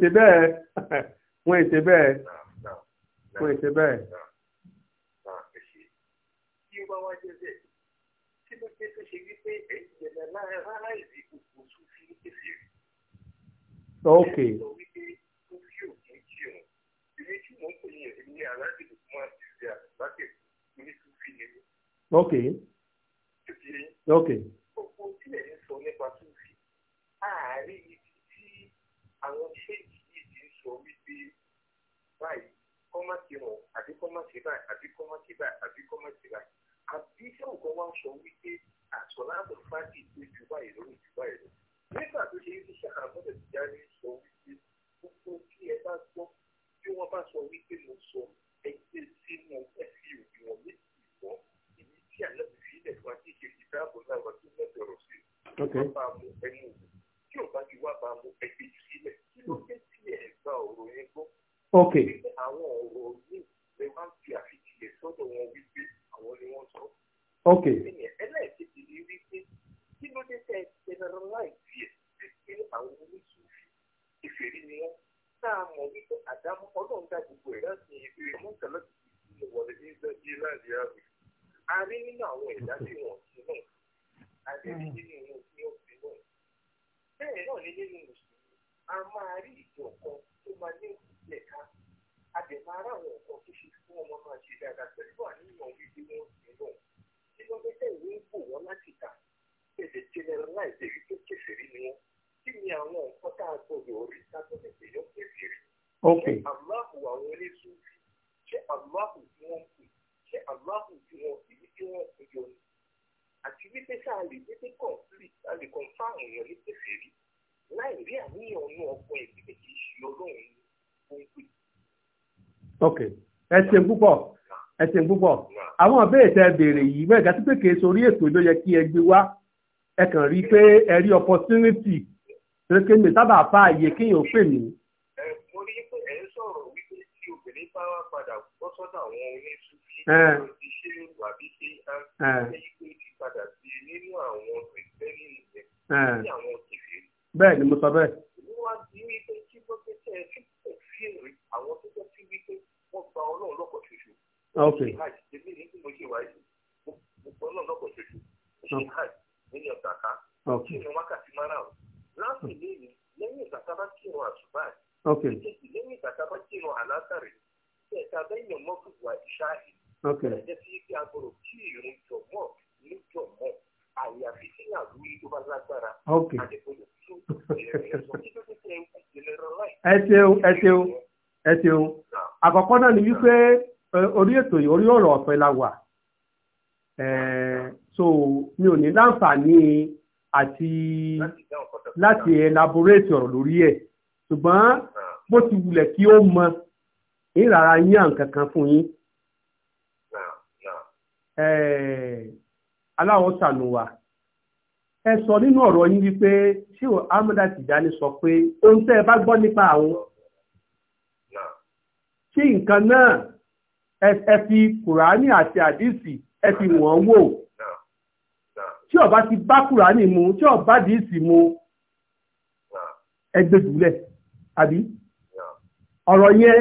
A: ṣe bẹ́ẹ̀ [laughs] wọ́n ṣe bẹ́ẹ̀ wọ́n ṣe bẹ́ẹ̀. ẹ ṣeun púpọ̀ ẹ ṣeun púpọ̀ àwọn ìbéèrè tẹ béèrè yìí mẹ́ta sí pé kì í sórí ètò ló yẹ kí ẹ gbé wá ẹ kàn rí i pé ẹ rí opportunity pé kí mi sábà fa àyè kéèyàn pè mí.
B: mo rí pé ẹ ń sọ̀rọ̀ wípé tí obìnrin bá wá padà bọ́ sọ́dọ̀ àwọn oníṣúbí ti ṣe wàbí pé á ṣe pé padà sí nínú àwọn ìgbẹ́ni ìyẹn ní àwọn kékeré. bẹ́ẹ̀ ni mo sọ bẹ́ẹ̀. ok. ok. láti ilé mi lẹ́yìn hmm. ìgbàta bá kírun àṣùbà ok. lẹ́yìn ìgbàta bá kírun àlátàrí ẹ̀ka lẹ́yìn mọ́tòwà ìṣáàyè. ok. ẹ̀jẹ̀ tí kí agbọ̀rọ̀ kí ìrìn jọ̀mọ́ ní jọ̀mọ́ àyàfi sí àlùyí tó bá lágbára. ok. àdìgbòyè tó ẹ̀rẹ̀ sọ kí ló dé tẹ̀ ẹ̀ ń kú ìlera láì. ẹ ṣeun ẹ
A: ṣeun ẹ ṣeun àkọ́kọ́ náà ni wípé orí ètò yìí orí ọ̀rọ̀ ọ̀fẹ́ la wà so mi ò ní láǹfààní àti láti elaborate ọ̀rọ̀ lórí ẹ̀ ṣùgbọ́n bó ti wulẹ̀ kí ó mọ ìrara yín àǹkan kan fún yín aláwọ̀ sànù wa ẹ sọ nínú ọ̀rọ̀ yín wípé ṣé o amúdá Tìjání sọ pé ohun tẹ́ ẹ bá gbọ́ nípa àwọn ṣé nǹkan náà ẹ fi kùránì àti àdìsí ẹ fi wọ́n wò tí ó bá ti bá kùránì mu tí ó bá àdìsí mu ẹgbẹ́ jùlẹ̀ àbí ọ̀rọ̀ yẹn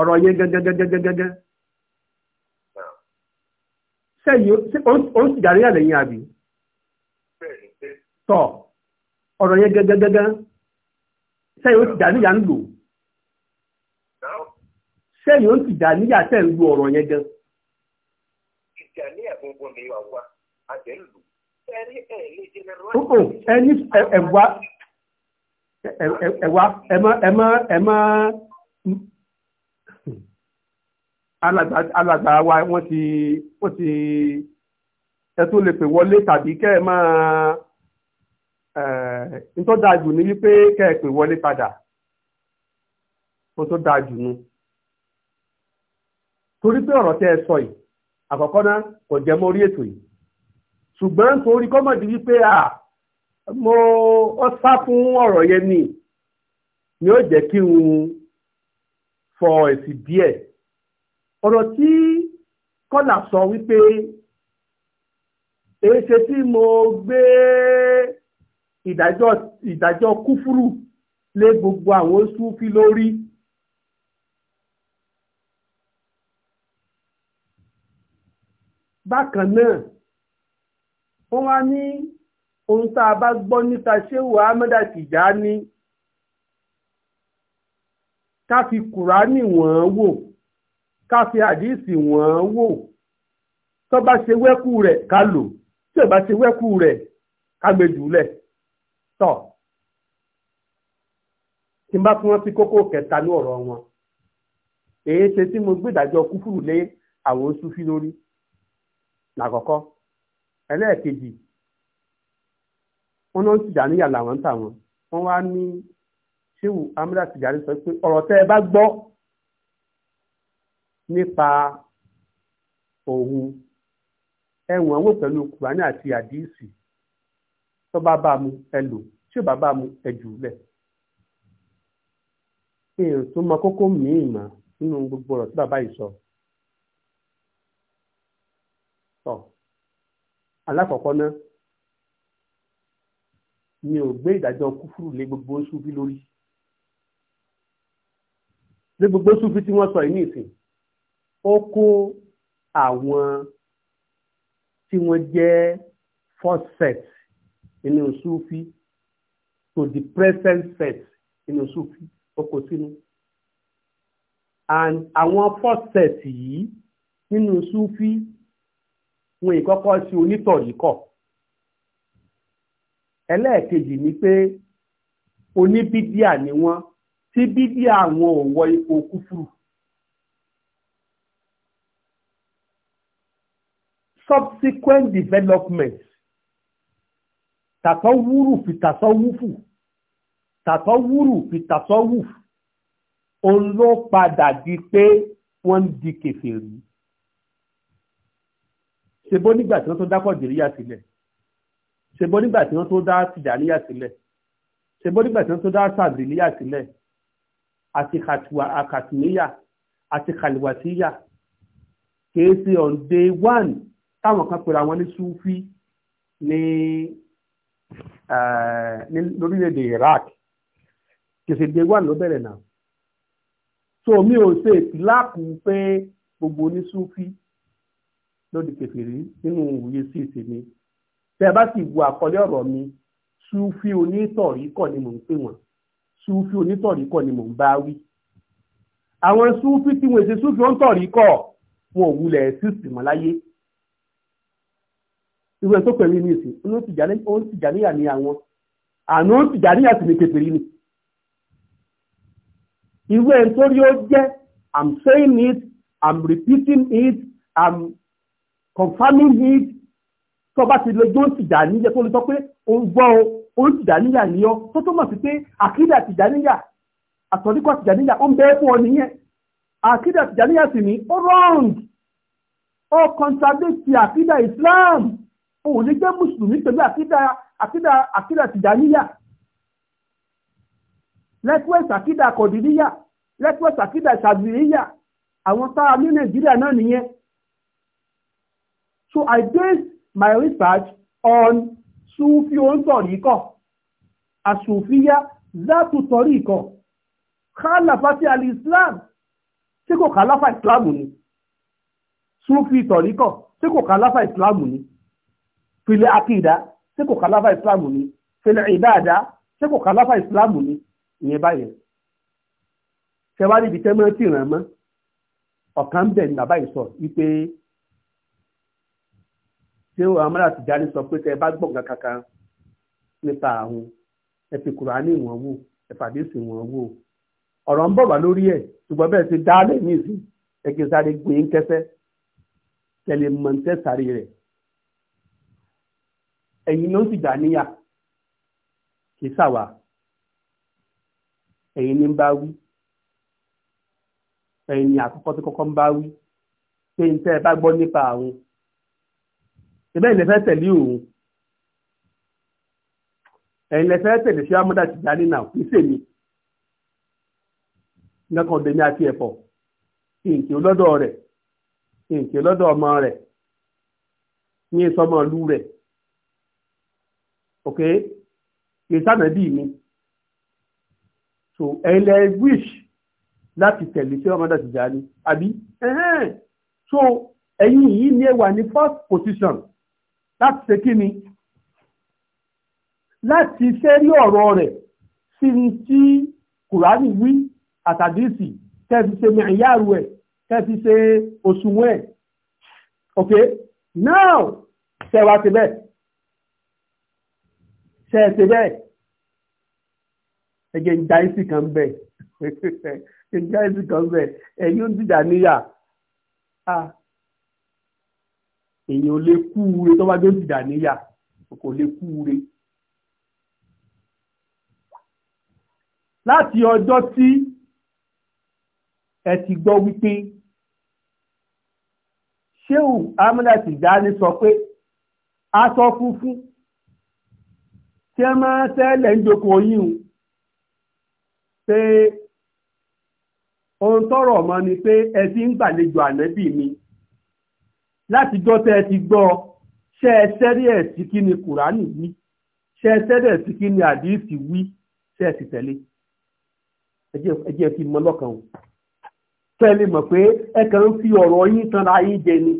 A: ọ̀rọ̀ yẹn gẹ́gẹ́gẹ́gẹ́gẹ́gẹ́ sẹ́yìn ó ń sì darí àlẹ́yìn àbí tọ̀ ọ̀rọ̀ yẹn gẹ́gẹ́gẹ́gẹ́ sẹ́yìn ó sì darí ìyá ń lò sẹ́yìn ó ti dà níyà tẹ̀ ń lu ọ̀rọ̀ yẹn gan.
B: ìjà ní àgbọ̀ngbọ̀n ni wà wá àjẹ́lù ẹni ẹ̀ lè
A: jẹ́ ẹwà ẹmọ alàgbà wa wọ́n ti wọ́n ti ẹtún lè pè wọlé tàbí kẹ́ ẹ máa ẹ̀ ń tó dáa jù ní wípé kẹ́ ẹ pè wọlé padà ó tó dáa jù nù torí pé ọ̀rọ̀ tẹ́ ẹ sọ yìí àkọ́kọ́ náà kò jẹ́ mọ́ orí ètò yìí ṣùgbọ́n torí kọ́mọ̀dé wípé à mo ọ sá fún ọ̀rọ̀ yẹn ni ni ó jẹ́ kí n fọ èsì díẹ̀ ọ̀rọ̀ tí kọ́là sọ wípé èéṣe tí mo gbé ìdájọ́ ìdájọ́ kúfúrú lé gbogbo àwọn súfí lórí bákan náà wọ́n wá ní ohun tá a bá gbọ́ nípa Ṣéhù Ahmad Tijani ká fi Kùránì wọ́n wò ká fi àdíìsì wọ́n wò tó bá ṣe wẹ́kù rẹ̀ ká lò tí ò bá ṣe wẹ́kù rẹ̀ ká gbé jùlẹ̀ tọ̀ tí n bá tún wọn sí kókó kẹta ní ọ̀rọ̀ wọn èyí ṣe tí mo gbé ìdájọ́ kúfùrù lé àwọn Súfí lórí làkọ́kọ́ ẹlẹ́ẹ̀kejì wọn náà ń tìjàníyà làwọn ń tà wọn wọn wá ní ṣéwù amúdá tìjàní sọ pé ọ̀rọ̀ tẹ́ ẹ bá gbọ́ nípa òun ẹ̀wọ̀n wò pẹ̀lú kùránì àti àdìsí tó bá bá mu ẹ lò tí ò bá bá mu ẹ jù lẹ̀ èèyàn tó mọ kókó míì nínú gbogbo ọ̀rọ̀ tí bàbá yìí sọ. alákọ̀ọ́kọ́ náà mi ò gbé ìdájọ́ kúfúrú lé gbogbo súfí lórí lé gbogbo súfí tí wọ́n sọ yìí nìsín ó kó àwọn tí wọ́n jẹ́ first sect nínú súfí to the present sect nínú súfí ó kó sínú and àwọn first sect yìí nínú súfí wọn ìkọ́kọ́ sí onítọ̀ríkọ̀ ẹlẹ́ẹ̀kejì ni pé oníbídíà ni wọ́n tí bídíà wọn ò wọ ipò kúfùrù subsequent development tàtọ́ wúrù fi tàtọ́ wúfù tàtọ́ wúrù fi tàtọ́ wúfù òun ló padà di pé wọ́n ń di kèfèrí ṣebó nígbà tí wọ́n tó dá kọ̀dìríyà sílẹ̀ ṣebó nígbà tí wọ́n tó dá tìjàníyà sílẹ̀ ṣebó nígbà tí wọ́n tó dá sàbìlíyà sílẹ̀ àti àkàtúnyà àti kàlìwàsíyà kìí ṣe on day one táwọn kan pèrè àwọn ní sufi eh, ní lórílẹ̀‐èdè Iraq kìí ṣe day one ló bẹ̀rẹ̀ náà so mi ò ṣe ìpìláàkù pé gbogbo ní sufi lódì kẹfìrí nínú òye sí ìsinmi tẹ bá sì wo àkọlé ọ̀rọ̀ mi sufi onítọ̀rí kọ́ ni mò ń pè wọ́n sufi onítọ̀rí kọ́ ni mò ń bá wí àwọn sufi tí wọ́n ṣe sufi onítọ̀rí kọ́ wọn ò wulẹ̀ sísì mọ́ láyé irú tó pẹ̀lú ní ìsìn ó ń tìjàníyà ní àwọn àná ó tìjàníyà sì ní kẹfìrí ni irú ẹ̀ tó rí ó jẹ́ I'm saying it I'm repeating it I'm confirming it tó bá ti lọ jó tìjà níyẹ tó lè sọ pé ó ń gbọ́ ó ń tìjà níyà ní ọ tó tó mọ̀ sí pé àkídà tìjà níyà àtọ̀ríkọ̀ tìjà níyà ó ń bẹ́ẹ̀ fún ọ nìyẹn àkídà tìjà níyà sì ní ó wrong ó contradict àkídà Islam ó lè jẹ́ mùsùlùmí pẹ̀lú àkídà àkídà àkídà tìjà níyà lẹ́tíwẹ̀sì àkídà kọ̀dìníyà lẹ́tíwẹ̀sì àkídà ìṣàbìríyà àwọn tá a ní Nàìjíríà náà nìyẹn So I based my research on Sufi ontoriko, a Sufiya zatu toriko, khalafati al-Islam, ṣé kò khalafa Islam ni? Sufi toriko, ṣé kò khalafa Islam ni? Fil akida, ṣé kò khalafa Islam ni? Fil ibada, ṣé kò khalafa Islam ni? Ìyẹn báyẹn. Ṣé wá níbi tẹ́mọ́ tí ràn mọ́? Ọ̀kan bẹ̀ ni bàbá yìí sọ wípé ṣé o amúra tìjáni sọ pé tẹ bá gbọ̀ngàn kankan nípa àwọn ẹ fi kùránì wọn wò ẹ fàdísì wọn wò ọ̀rọ̀ ń bọ̀ wá lórí ẹ̀ ṣùgbọ́n bẹ́ẹ̀ ti dá lẹ́yìn ìsìn ẹ kì í sáré gbé ń kẹsẹ́ tẹ̀lé mọ̀ǹtẹ́ sáré rẹ̀ ẹ̀yin ló ń tìjà níyà kì í sàwà ẹ̀yin ní ń bá wí ẹ̀yin ní àkọ́kọ́ tí kọ́kọ́ ń bá wí pé ń tẹ́ ẹ bá gbọ́ nípa àwọn síbẹ̀ ilẹ̀ fẹ́ tẹ̀lé òun ẹ̀yin lẹ fẹ́ tẹ̀lé sí amúdá ti dání náà kì í sèmi nǹkan ọ̀dẹ̀mí àti ẹ̀fọ́ kìnkì lọ́dọ̀ rẹ̀ kìnkì lọ́dọ̀ ọmọ rẹ̀ ní sọmọ ìlú rẹ̀ ok kì í sànàbí mi so ẹ̀yin wish láti tẹ̀lé sí amúdá ti dání àbí so ẹ̀yin yìí ni ẹ wà ní first position láti ṣe kí ni láti ṣẹ́rí ọ̀rọ̀ rẹ̀ sí ní tí kùránì wí àtàdísì tẹ́fi ṣe mẹ̀yàrú ẹ̀ tẹ́fi ṣe òṣùwọ̀n ẹ̀ ok now ṣẹ̀wá ti bẹ́ẹ̀ ṣẹ̀ ti bẹ́ẹ̀ ẹ̀jẹ̀ ń da isi kan bẹ́ẹ̀ ẹ̀jẹ̀ ń da isi kan bẹ́ẹ̀ ẹ̀yìn ń dìjà níyà ah èèyàn lè kú ure tó bá dé ìdà níyà kò lè kú ure. láti ọjọ́ tí ẹ ti gbọ́ wípé Ṣéhù Amúdà Tìjání sọ pé aṣọ funfun tí ẹ máa ń tẹ́lẹ̀ ń jókòó yìí pé ohun tọrọ mọ ni pé ẹ ti ń gbàlejò ànẹ́bì mi láti gbọ́ tẹ́ ẹ ti gbọ́ ṣe ẹ sẹ́rí ẹ̀ sí kí ni kùránì wí ṣe ẹ sẹ́rí ẹ̀ sí kí ni àdìsí wí ṣe ẹ sì tẹ̀lé ẹ jẹ́ mọ lọ́kàn o tẹ́lẹ̀ mọ̀ pé ẹ kàn ń fi ọ̀rọ̀ yín tanra yín jẹ ni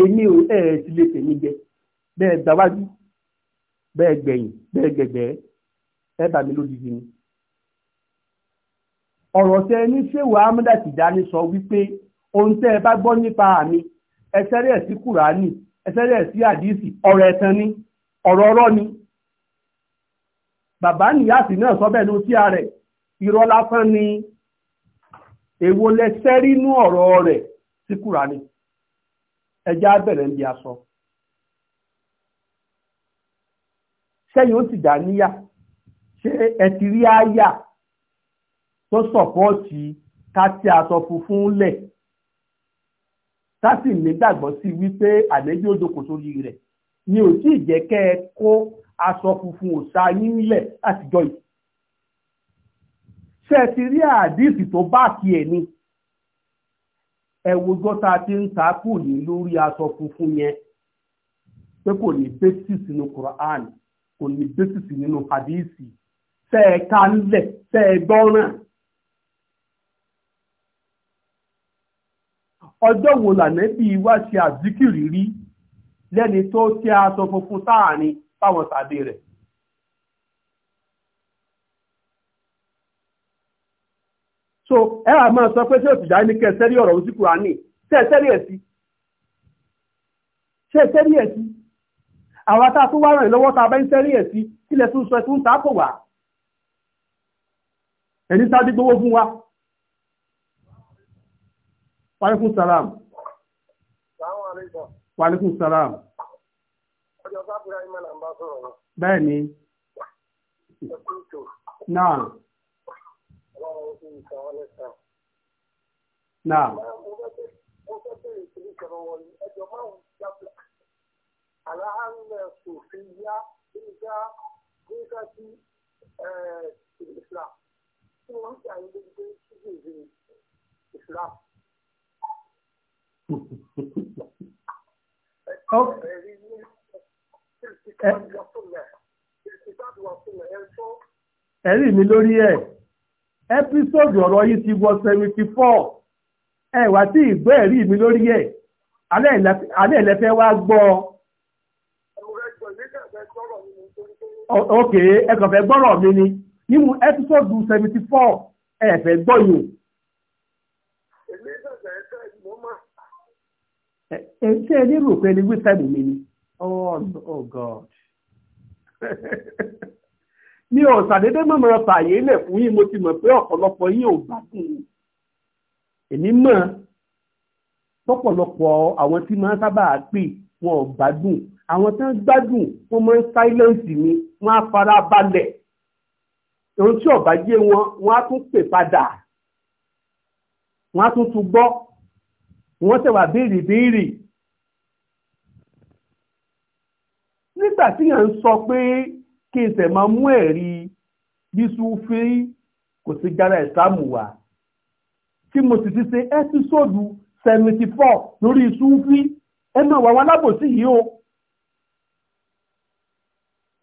A: èmi ò ẹ̀ ẹ̀ ti lè tèmi jẹ bẹ́ẹ̀ gbáwájú bẹ́ẹ̀ gbẹ̀yìn bẹ́ẹ̀ gbẹ̀gbẹ́ ẹ bà mí lójijì ni. ọ̀rọ̀ tẹ ní ṣéwàá amúdàtìdá ni sọ wípé ohun tẹ́ ẹ bá gbọ́ nípa mi ẹsẹ̀ rẹ̀ sí kùránì ẹsẹ̀ rẹ̀ sí àdìsí ọ̀rọ̀ ẹ̀tàn ni ọ̀rọ̀ ọ̀rọ̀ ni bàbá níyàsí náà sọ bẹ́ẹ̀ ló sí ààrẹ irọ́ lásán ni èwo lẹsẹ̀ rínú ọ̀rọ̀ rẹ̀ sí kùránì ẹjẹ́ abẹ̀rẹ̀ ń bí aṣọ sẹ́yìn ó ti dà níyà ṣé ẹ ti rí àyà tó sọ̀pọ̀ọ̀tì ká tí aṣọ funfun lẹ̀ sásì nígbàgbọ́ sí wípé àlejò òjòkó sórí rẹ̀ ni ò tí ì kẹ́ ẹ kó aṣọ funfun òṣà yín lẹ̀ látijọ́ yìí. ṣé ẹ ti rí àdìsí tó bá kí ẹ ni ẹ wojọ́ tá a ti ń ta kù ní lórí aṣọ funfun yẹn pé kò ní basis nínú Quran kò ní basis nínú hadisi ṣé ẹ ká ń lẹ̀ ṣé ẹ ọjọ́ wo lànẹ́bí wá ṣe àzíkìrì rí lẹ́ni tó tí a sọ funfun sáàrin fáwọn tàbí rẹ̀ so ẹ wà máa sọ pé tí òtìjà ní kẹsẹ́rí ọ̀rọ̀ òsì kùránì tẹ́ẹ̀sẹ́rí ẹ̀ sí tẹ́ẹ̀sẹ́rí ẹ̀ sí àwọn tá a tún wá ràn lọ́wọ́ tá a bá ń sẹ́rí ẹ̀ sí ilẹ̀ tún sọ ẹ̀ tún tààpọ̀ wá ẹni sáà gbowó fún wa Wàlékún sàlám. Wàlékún sàlám.
B: Ọjọ́ sábúrá ìmọ̀ là ń bá sọ̀rọ̀.
A: Bẹ́ẹ̀ ni. Náà. Náà.
B: Mo fẹ́ bẹ̀rẹ̀ ìṣèlú kan wọ̀nyí. Ẹjọ́ márùn-ún jáfẹ́.
A: Àlàáhàmẹ́ sòfin yá nígbà nígbà tí
B: ìsìlá. Tí wọ́n ń ṣàyẹ̀wò pé ṣíṣe ìṣèlú ìsìlá ẹ̀rí
A: mi lórí ẹ̀ ẹ́písọ́ọ̀dù ọ̀rọ̀ yìí ti wọ seventy four ẹ wá sí ìgbọ́ ẹ̀rí mi lórí ẹ̀ alẹ́ ìlẹ́fẹ́ wá gbọ́ ok ẹ kàn fẹ́ gbọ́rọ̀ mi ni nínú ẹ́písọ́ọ̀dù seventy four ẹ fẹ́ gbọ́ yìí. ṣé ẹ lérò pé ẹni wíṣàdì mi ni oh, oh god [laughs] mi ò ṣàdédé mọ̀ mọ̀ fààyè ilẹ̀ fún yín mo ti mọ̀ pé ọ̀pọ̀lọpọ̀ yín ò bá kùn èmi mọ̀ pọ̀pọ̀lọpọ̀ àwọn tí máa ń sábà pè wọn ò gbádùn àwọn tí wọ́n gbádùn wọ́n máa ń sáílẹ̀ǹsì mi wọ́n á fara balẹ̀ ohun tí ọ̀bá yé wọn wọ́n á tún pè padà wọ́n á tún tún gbọ́ wọ́n tẹ̀ wá béèrè béèrè. nígbà tí yàn ń sọ pé kí n tẹ̀ máa mú ẹ̀rí bí sufi kò sí gara ìsáàmù wá tí mo sì ti ṣe ẹ́písòdù seventy four lórí sufi ẹ máa wà wọn lábòsí yìí o.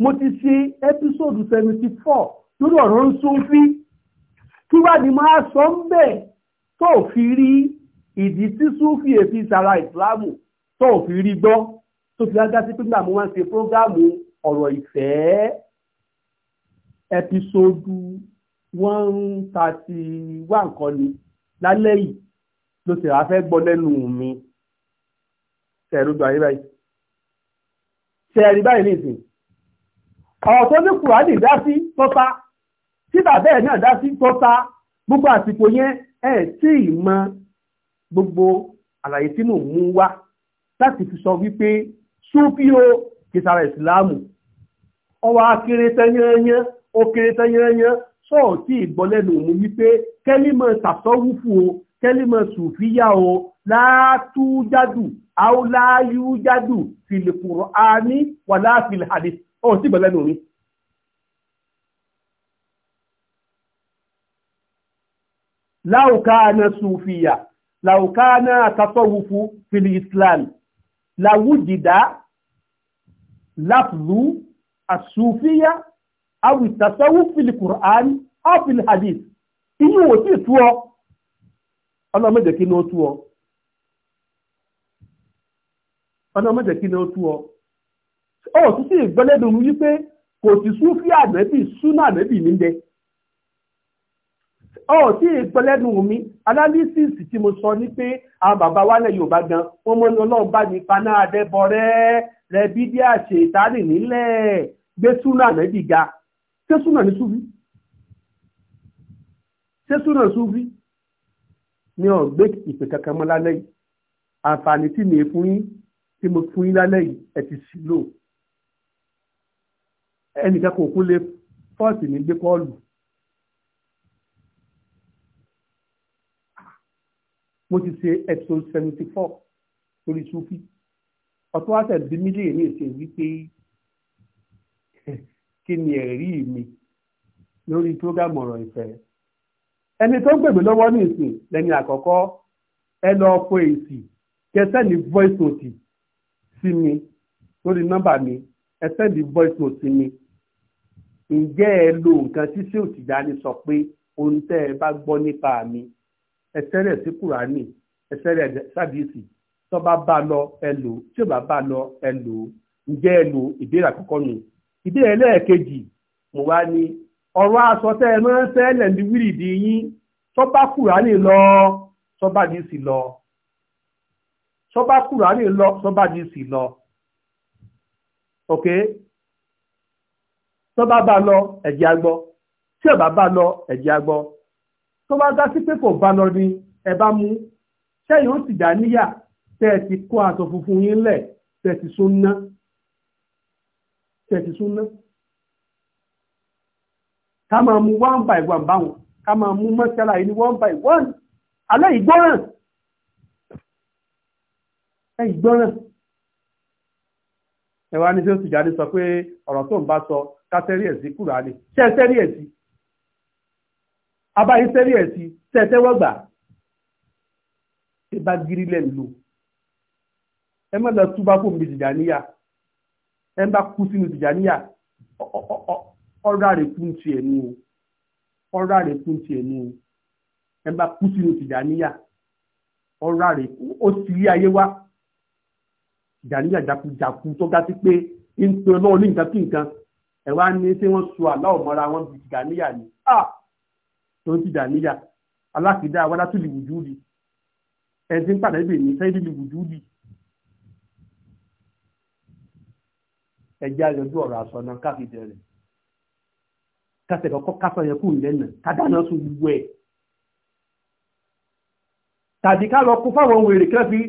A: mo ti ṣe ẹ́písòdù seventy four lórí ọ̀rọ̀ ń sufi kí wàá ní máa sọ ń bẹ̀ tó fi rí ìdí tí súfì èfi sara ìsìláàmù tó fi rí gbọ́ tó fi ágá sí pínlẹ̀ àmú wọn ṣe prógámù ọ̀rọ̀ ìfẹ́ ẹpisódù one thirty one kan ni lálẹ́ yìí ló sì rà fẹ́ gbọ́ lẹ́nu mi ṣẹ̀rù gbà yí báyìí ṣẹ̀rì báyìí nìsín ọ̀rọ̀ tó ní kùránì dá sí tọ́ta tí bàbá ẹ̀ náà dá sí tọ́ta gbogbo àsìkò yẹn ẹ̀ tí ì mọ gbogbo àlàyé tí mò ń mú wá láti fi sọ wípé súpíò kìsàrà ìsìláàmù ọwọ́ akéré tẹ́yẹ́yẹ́ ó kéré tẹ́yẹ́yẹ́ sọ́ọ̀tì ìgbọ́lẹ́nu òun wípé kẹ́límọ̀ tàṣọ́wúfù o kẹ́límọ̀ sùfíyà o látújádù àwòláyújádù fìlìkùrọ̀ àní wà láàfìlì àdì ọ̀tí ìgbọ́lẹ́nu mi. láwùká àna sùfíyà làwùkánà àtàtọ̀wùfù fil islam làwùjìdá láfùlù àṣùfíyà àwìtàtọ̀wù fìlì kùrán fil Quran, inú fil Hadith. tú ọ ọlọ́mọdé kí ni ó tú ọ ọlọ́mọdé kí ni ó tú ọ ó tún sí ìgbọ́lẹ́dùn wípé kò sí súfí àgbẹ̀bì súnà àgbẹ̀bì ọ̀ tí ìpẹ́lẹ́nu mi analysis tí mo sọ ní pé àwọn bàbá wálẹ̀ Yorùbá gan wọ́n mọ́ ní ọlọ́run bá ní paná adẹ́bọrẹ́ rẹ bí dí àṣẹ ìtárì nílẹ̀ gbé súnà nẹ́bí ga ṣé súnà ní súfí ṣé súnà súfí ni ọ̀ gbé ìpè kankan mọ́ lálẹ́ yìí àǹfààní tí mi fún yín tí mo fún yín lálẹ́ yìí ẹ ti sì ẹnìkan kò kú lé fọ́ọ̀sì ní gbé kọ́ọ̀lù mo ti ṣe episode seventy four lórí sufi ọtún wá tẹ̀lé mílí èmi ṣe wípé [laughs] kí ni ẹ̀rí mi lórí program ọ̀rọ̀ ìfẹ́ ẹni tó ń gbègbè lọ́wọ́ ní ìsìn lẹ́ni àkọ́kọ́ ẹ lọ kó èsì kẹsẹ́ni voice note sí mi lórí nọ́mbà mi ẹ sẹ́ni voice note sí mi ǹjẹ́ ẹ lo nǹkan tí ṣé òtìjà ni sọ pé ohun tẹ́ ẹ bá gbọ́ nípa mi ẹsẹ̀ rẹ̀ sí kùránì ẹsẹ̀ sábìsì bá lọ ẹ tí ò bá bá lọ ẹ ǹjẹ́ ìbéèrè àkọ́kọ́ nù ìbéèrè lẹ́ẹ̀kejì mo wá ní ọ̀rọ̀ aṣọ tẹ́ ẹ máa ń ní yín kùránì lọ tó bá lọ kùránì lọ lọ ok tó bá dá sí pé kò bá lọ ni ẹ bá mú sẹ́yìn ó sì dá níyà tẹ́ ẹ ti kó aṣọ funfun yín lẹ̀ tẹ́ ti sún ká máa mú one by one báwọn ká máa mú mọ́ṣálá yìí ní one by one alẹ́ ìgbọ́ràn ẹ ìgbọ́ràn ẹ wá ní tí ó sì jáde sọ pé ọ̀rọ̀ tó ń bá sọ ká tẹ́rí ẹ̀ sí Kùránì ṣé ẹ tẹ́rí ẹ̀ sí abáyín sẹ́rí ẹ̀ sí tẹ́tẹ́wọ́gbà tí bá gírí lẹ́nu lò ẹ má lọ túbá fún mi tìjàníyà ẹ bá kú sínú tìjàníyà ọ̀rá rẹ̀ kún ti ẹ̀ nù ọ̀rá rẹ̀ kún ti ẹ̀ nù ẹ bá kú sínú tìjàníyà ọ̀rá rẹ̀ ó sì rí ayé wá tìjàníyà jakujaku tó ga sí pé ń pe ọlọ́run ní nǹkan kí nǹkan ẹ̀ wá ní ṣé wọ́n so àlá ọ̀mọ́ra wọn bí tìjàníyà ni. Ah! tó ń tìjà níyà alákìdá wàlá tó lè wùjú rí ẹni tí ń pàdé bè ní sẹ́yìn lè wùjú rí ẹjẹ́ àyọjú ọ̀rọ̀ àṣọ náà káfíjẹ rẹ̀ kásẹ̀ kọ́kọ́ kásọ̀ yẹ kó lẹ́nà kádàná sùn gbogbo ẹ̀ tàbí ká lọ kó fáwọn wèrè kẹ́fì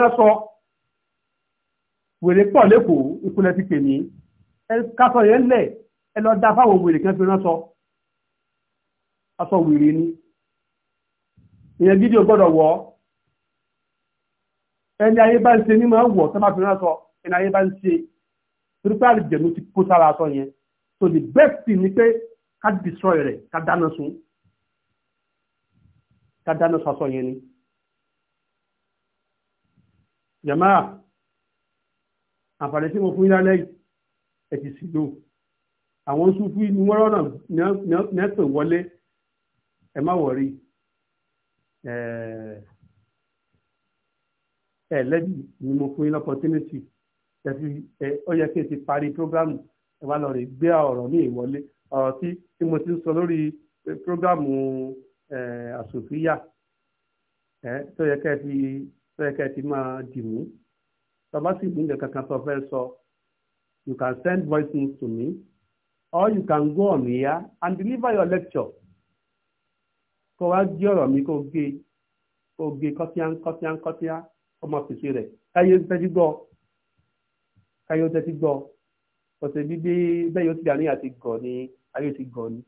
A: ránṣọ wèrè pọ̀ lẹ́kọ̀ọ́ ìpínlẹ̀ ti pè ní kásọ̀ yẹn lẹ̀ ẹ lọ dá fáwọn wèrè kẹ́fì ránṣọ aṣọ wèrè ni èèyàn gidi ò gbọ́dọ̀ wọ̀ ẹni ayé bá ń ṣe ní máa wọ̀ tó máa fi ránṣọ ẹni ayé bá ń ṣe torípé àlìjẹ̀nu ti kó sára aṣọ yẹn so the best thing ni pé ká destroy rẹ̀ ká dáná sun ká dáná sun aṣọ yẹn ni jamaa àǹfààní tí mo fún yín lálẹ́ yìí ẹ ti sì lò àwọn sùfú ni wọ́n rọ̀nà wọlé ẹ má wọrí ẹ lẹ́bi ni mo fún yín lọ́pọ̀tínítì ẹ fi ẹ ó yẹ kí n ti parí prógámù ẹ wá lọ rè gbé ọ̀rọ̀ mi ìwọlé ọ̀rọ̀ tí tí mo ti ń sọ lórí prógámù àsòfíyà ẹ tó yẹ kẹ́ fi tó yẹ kẹ́ ti máa dìmú tọ́ba sì ní nǹkan kankan tó fẹ́ sọ you can send voice notes to me or you can go on here and deliver your lecture kó wá jí ọ̀rọ̀ mi kó gé kó gé kọ́tíá kọ́tíá kọ́tíá ọmọ fèsì rẹ̀ káyé ó tẹ́tí gbọ́ káyé ó tẹ́tí gbọ́ ọ̀sẹ̀ bíbí bẹ́ẹ̀ yóò ti dà ní àti gọ̀ ni ayé ti gọ̀ ni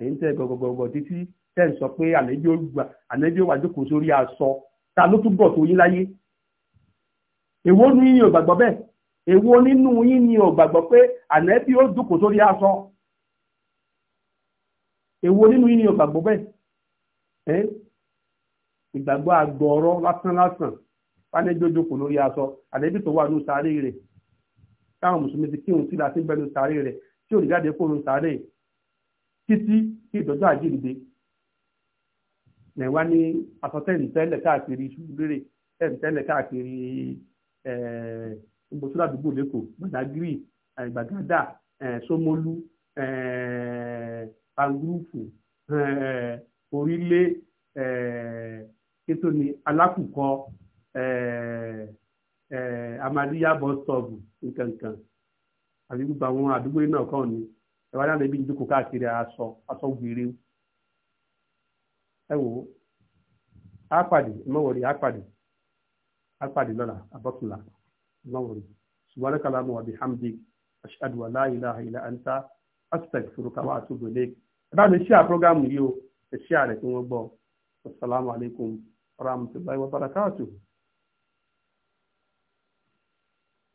A: èyí ń tẹ́ gọ̀gọ̀gọ̀gọ̀ títí tẹ́ ń sọ pé àlejò gbà àlejò wà jókòó sórí aṣọ ta ló tún bọ̀ tó yín láyé èwo ní yín ò gbàgbọ́ bẹ́ẹ̀ èwo nínú yín ni ò gbàgbọ́ pé ànẹ́bí ó jókòó sórí aṣọ èwo nínú yín ni ò gbàgbọ́ bẹ́ẹ̀ ìgbàgbọ́ àgbọ̀ọ̀rọ̀ lásán lásán fánéjójó kò lórí aṣọ àlébí tó wà ní sàárè rẹ̀ táwọn mùsùlùmí ti kírun sí láti bẹ́ẹ̀ sàárè rẹ̀ tí ò ní jáde kó sàárè títí kí ìdọ́jọ́ àjíǹde nàìwá ní káàkiri káàkiri àdúgbò lẹ́kọ̀ọ́ gbàdágírì sómólú pangúrúfù orílẹ̀ ètò ni alákùkọ eh, eh, amadiya bus stop nkankan àti àwọn àdúgbò náà kàn ní ẹ̀wá náà níbi ìdókòó káàkiri aṣọ aṣọ gbére ẹ wò á pàdé mọ̀wọ̀rì á pàdé á pàdé lọ́la abọ́túnla mọ̀wọ̀rì ṣùgbọ́n alákàlámù wa bihamdik ashhadu an la ilaha ẹ bá o. ẹ ṣí àrẹ kí wọ́n gbọ́ assalamu alaikum warahmatullahi wabarakatuh.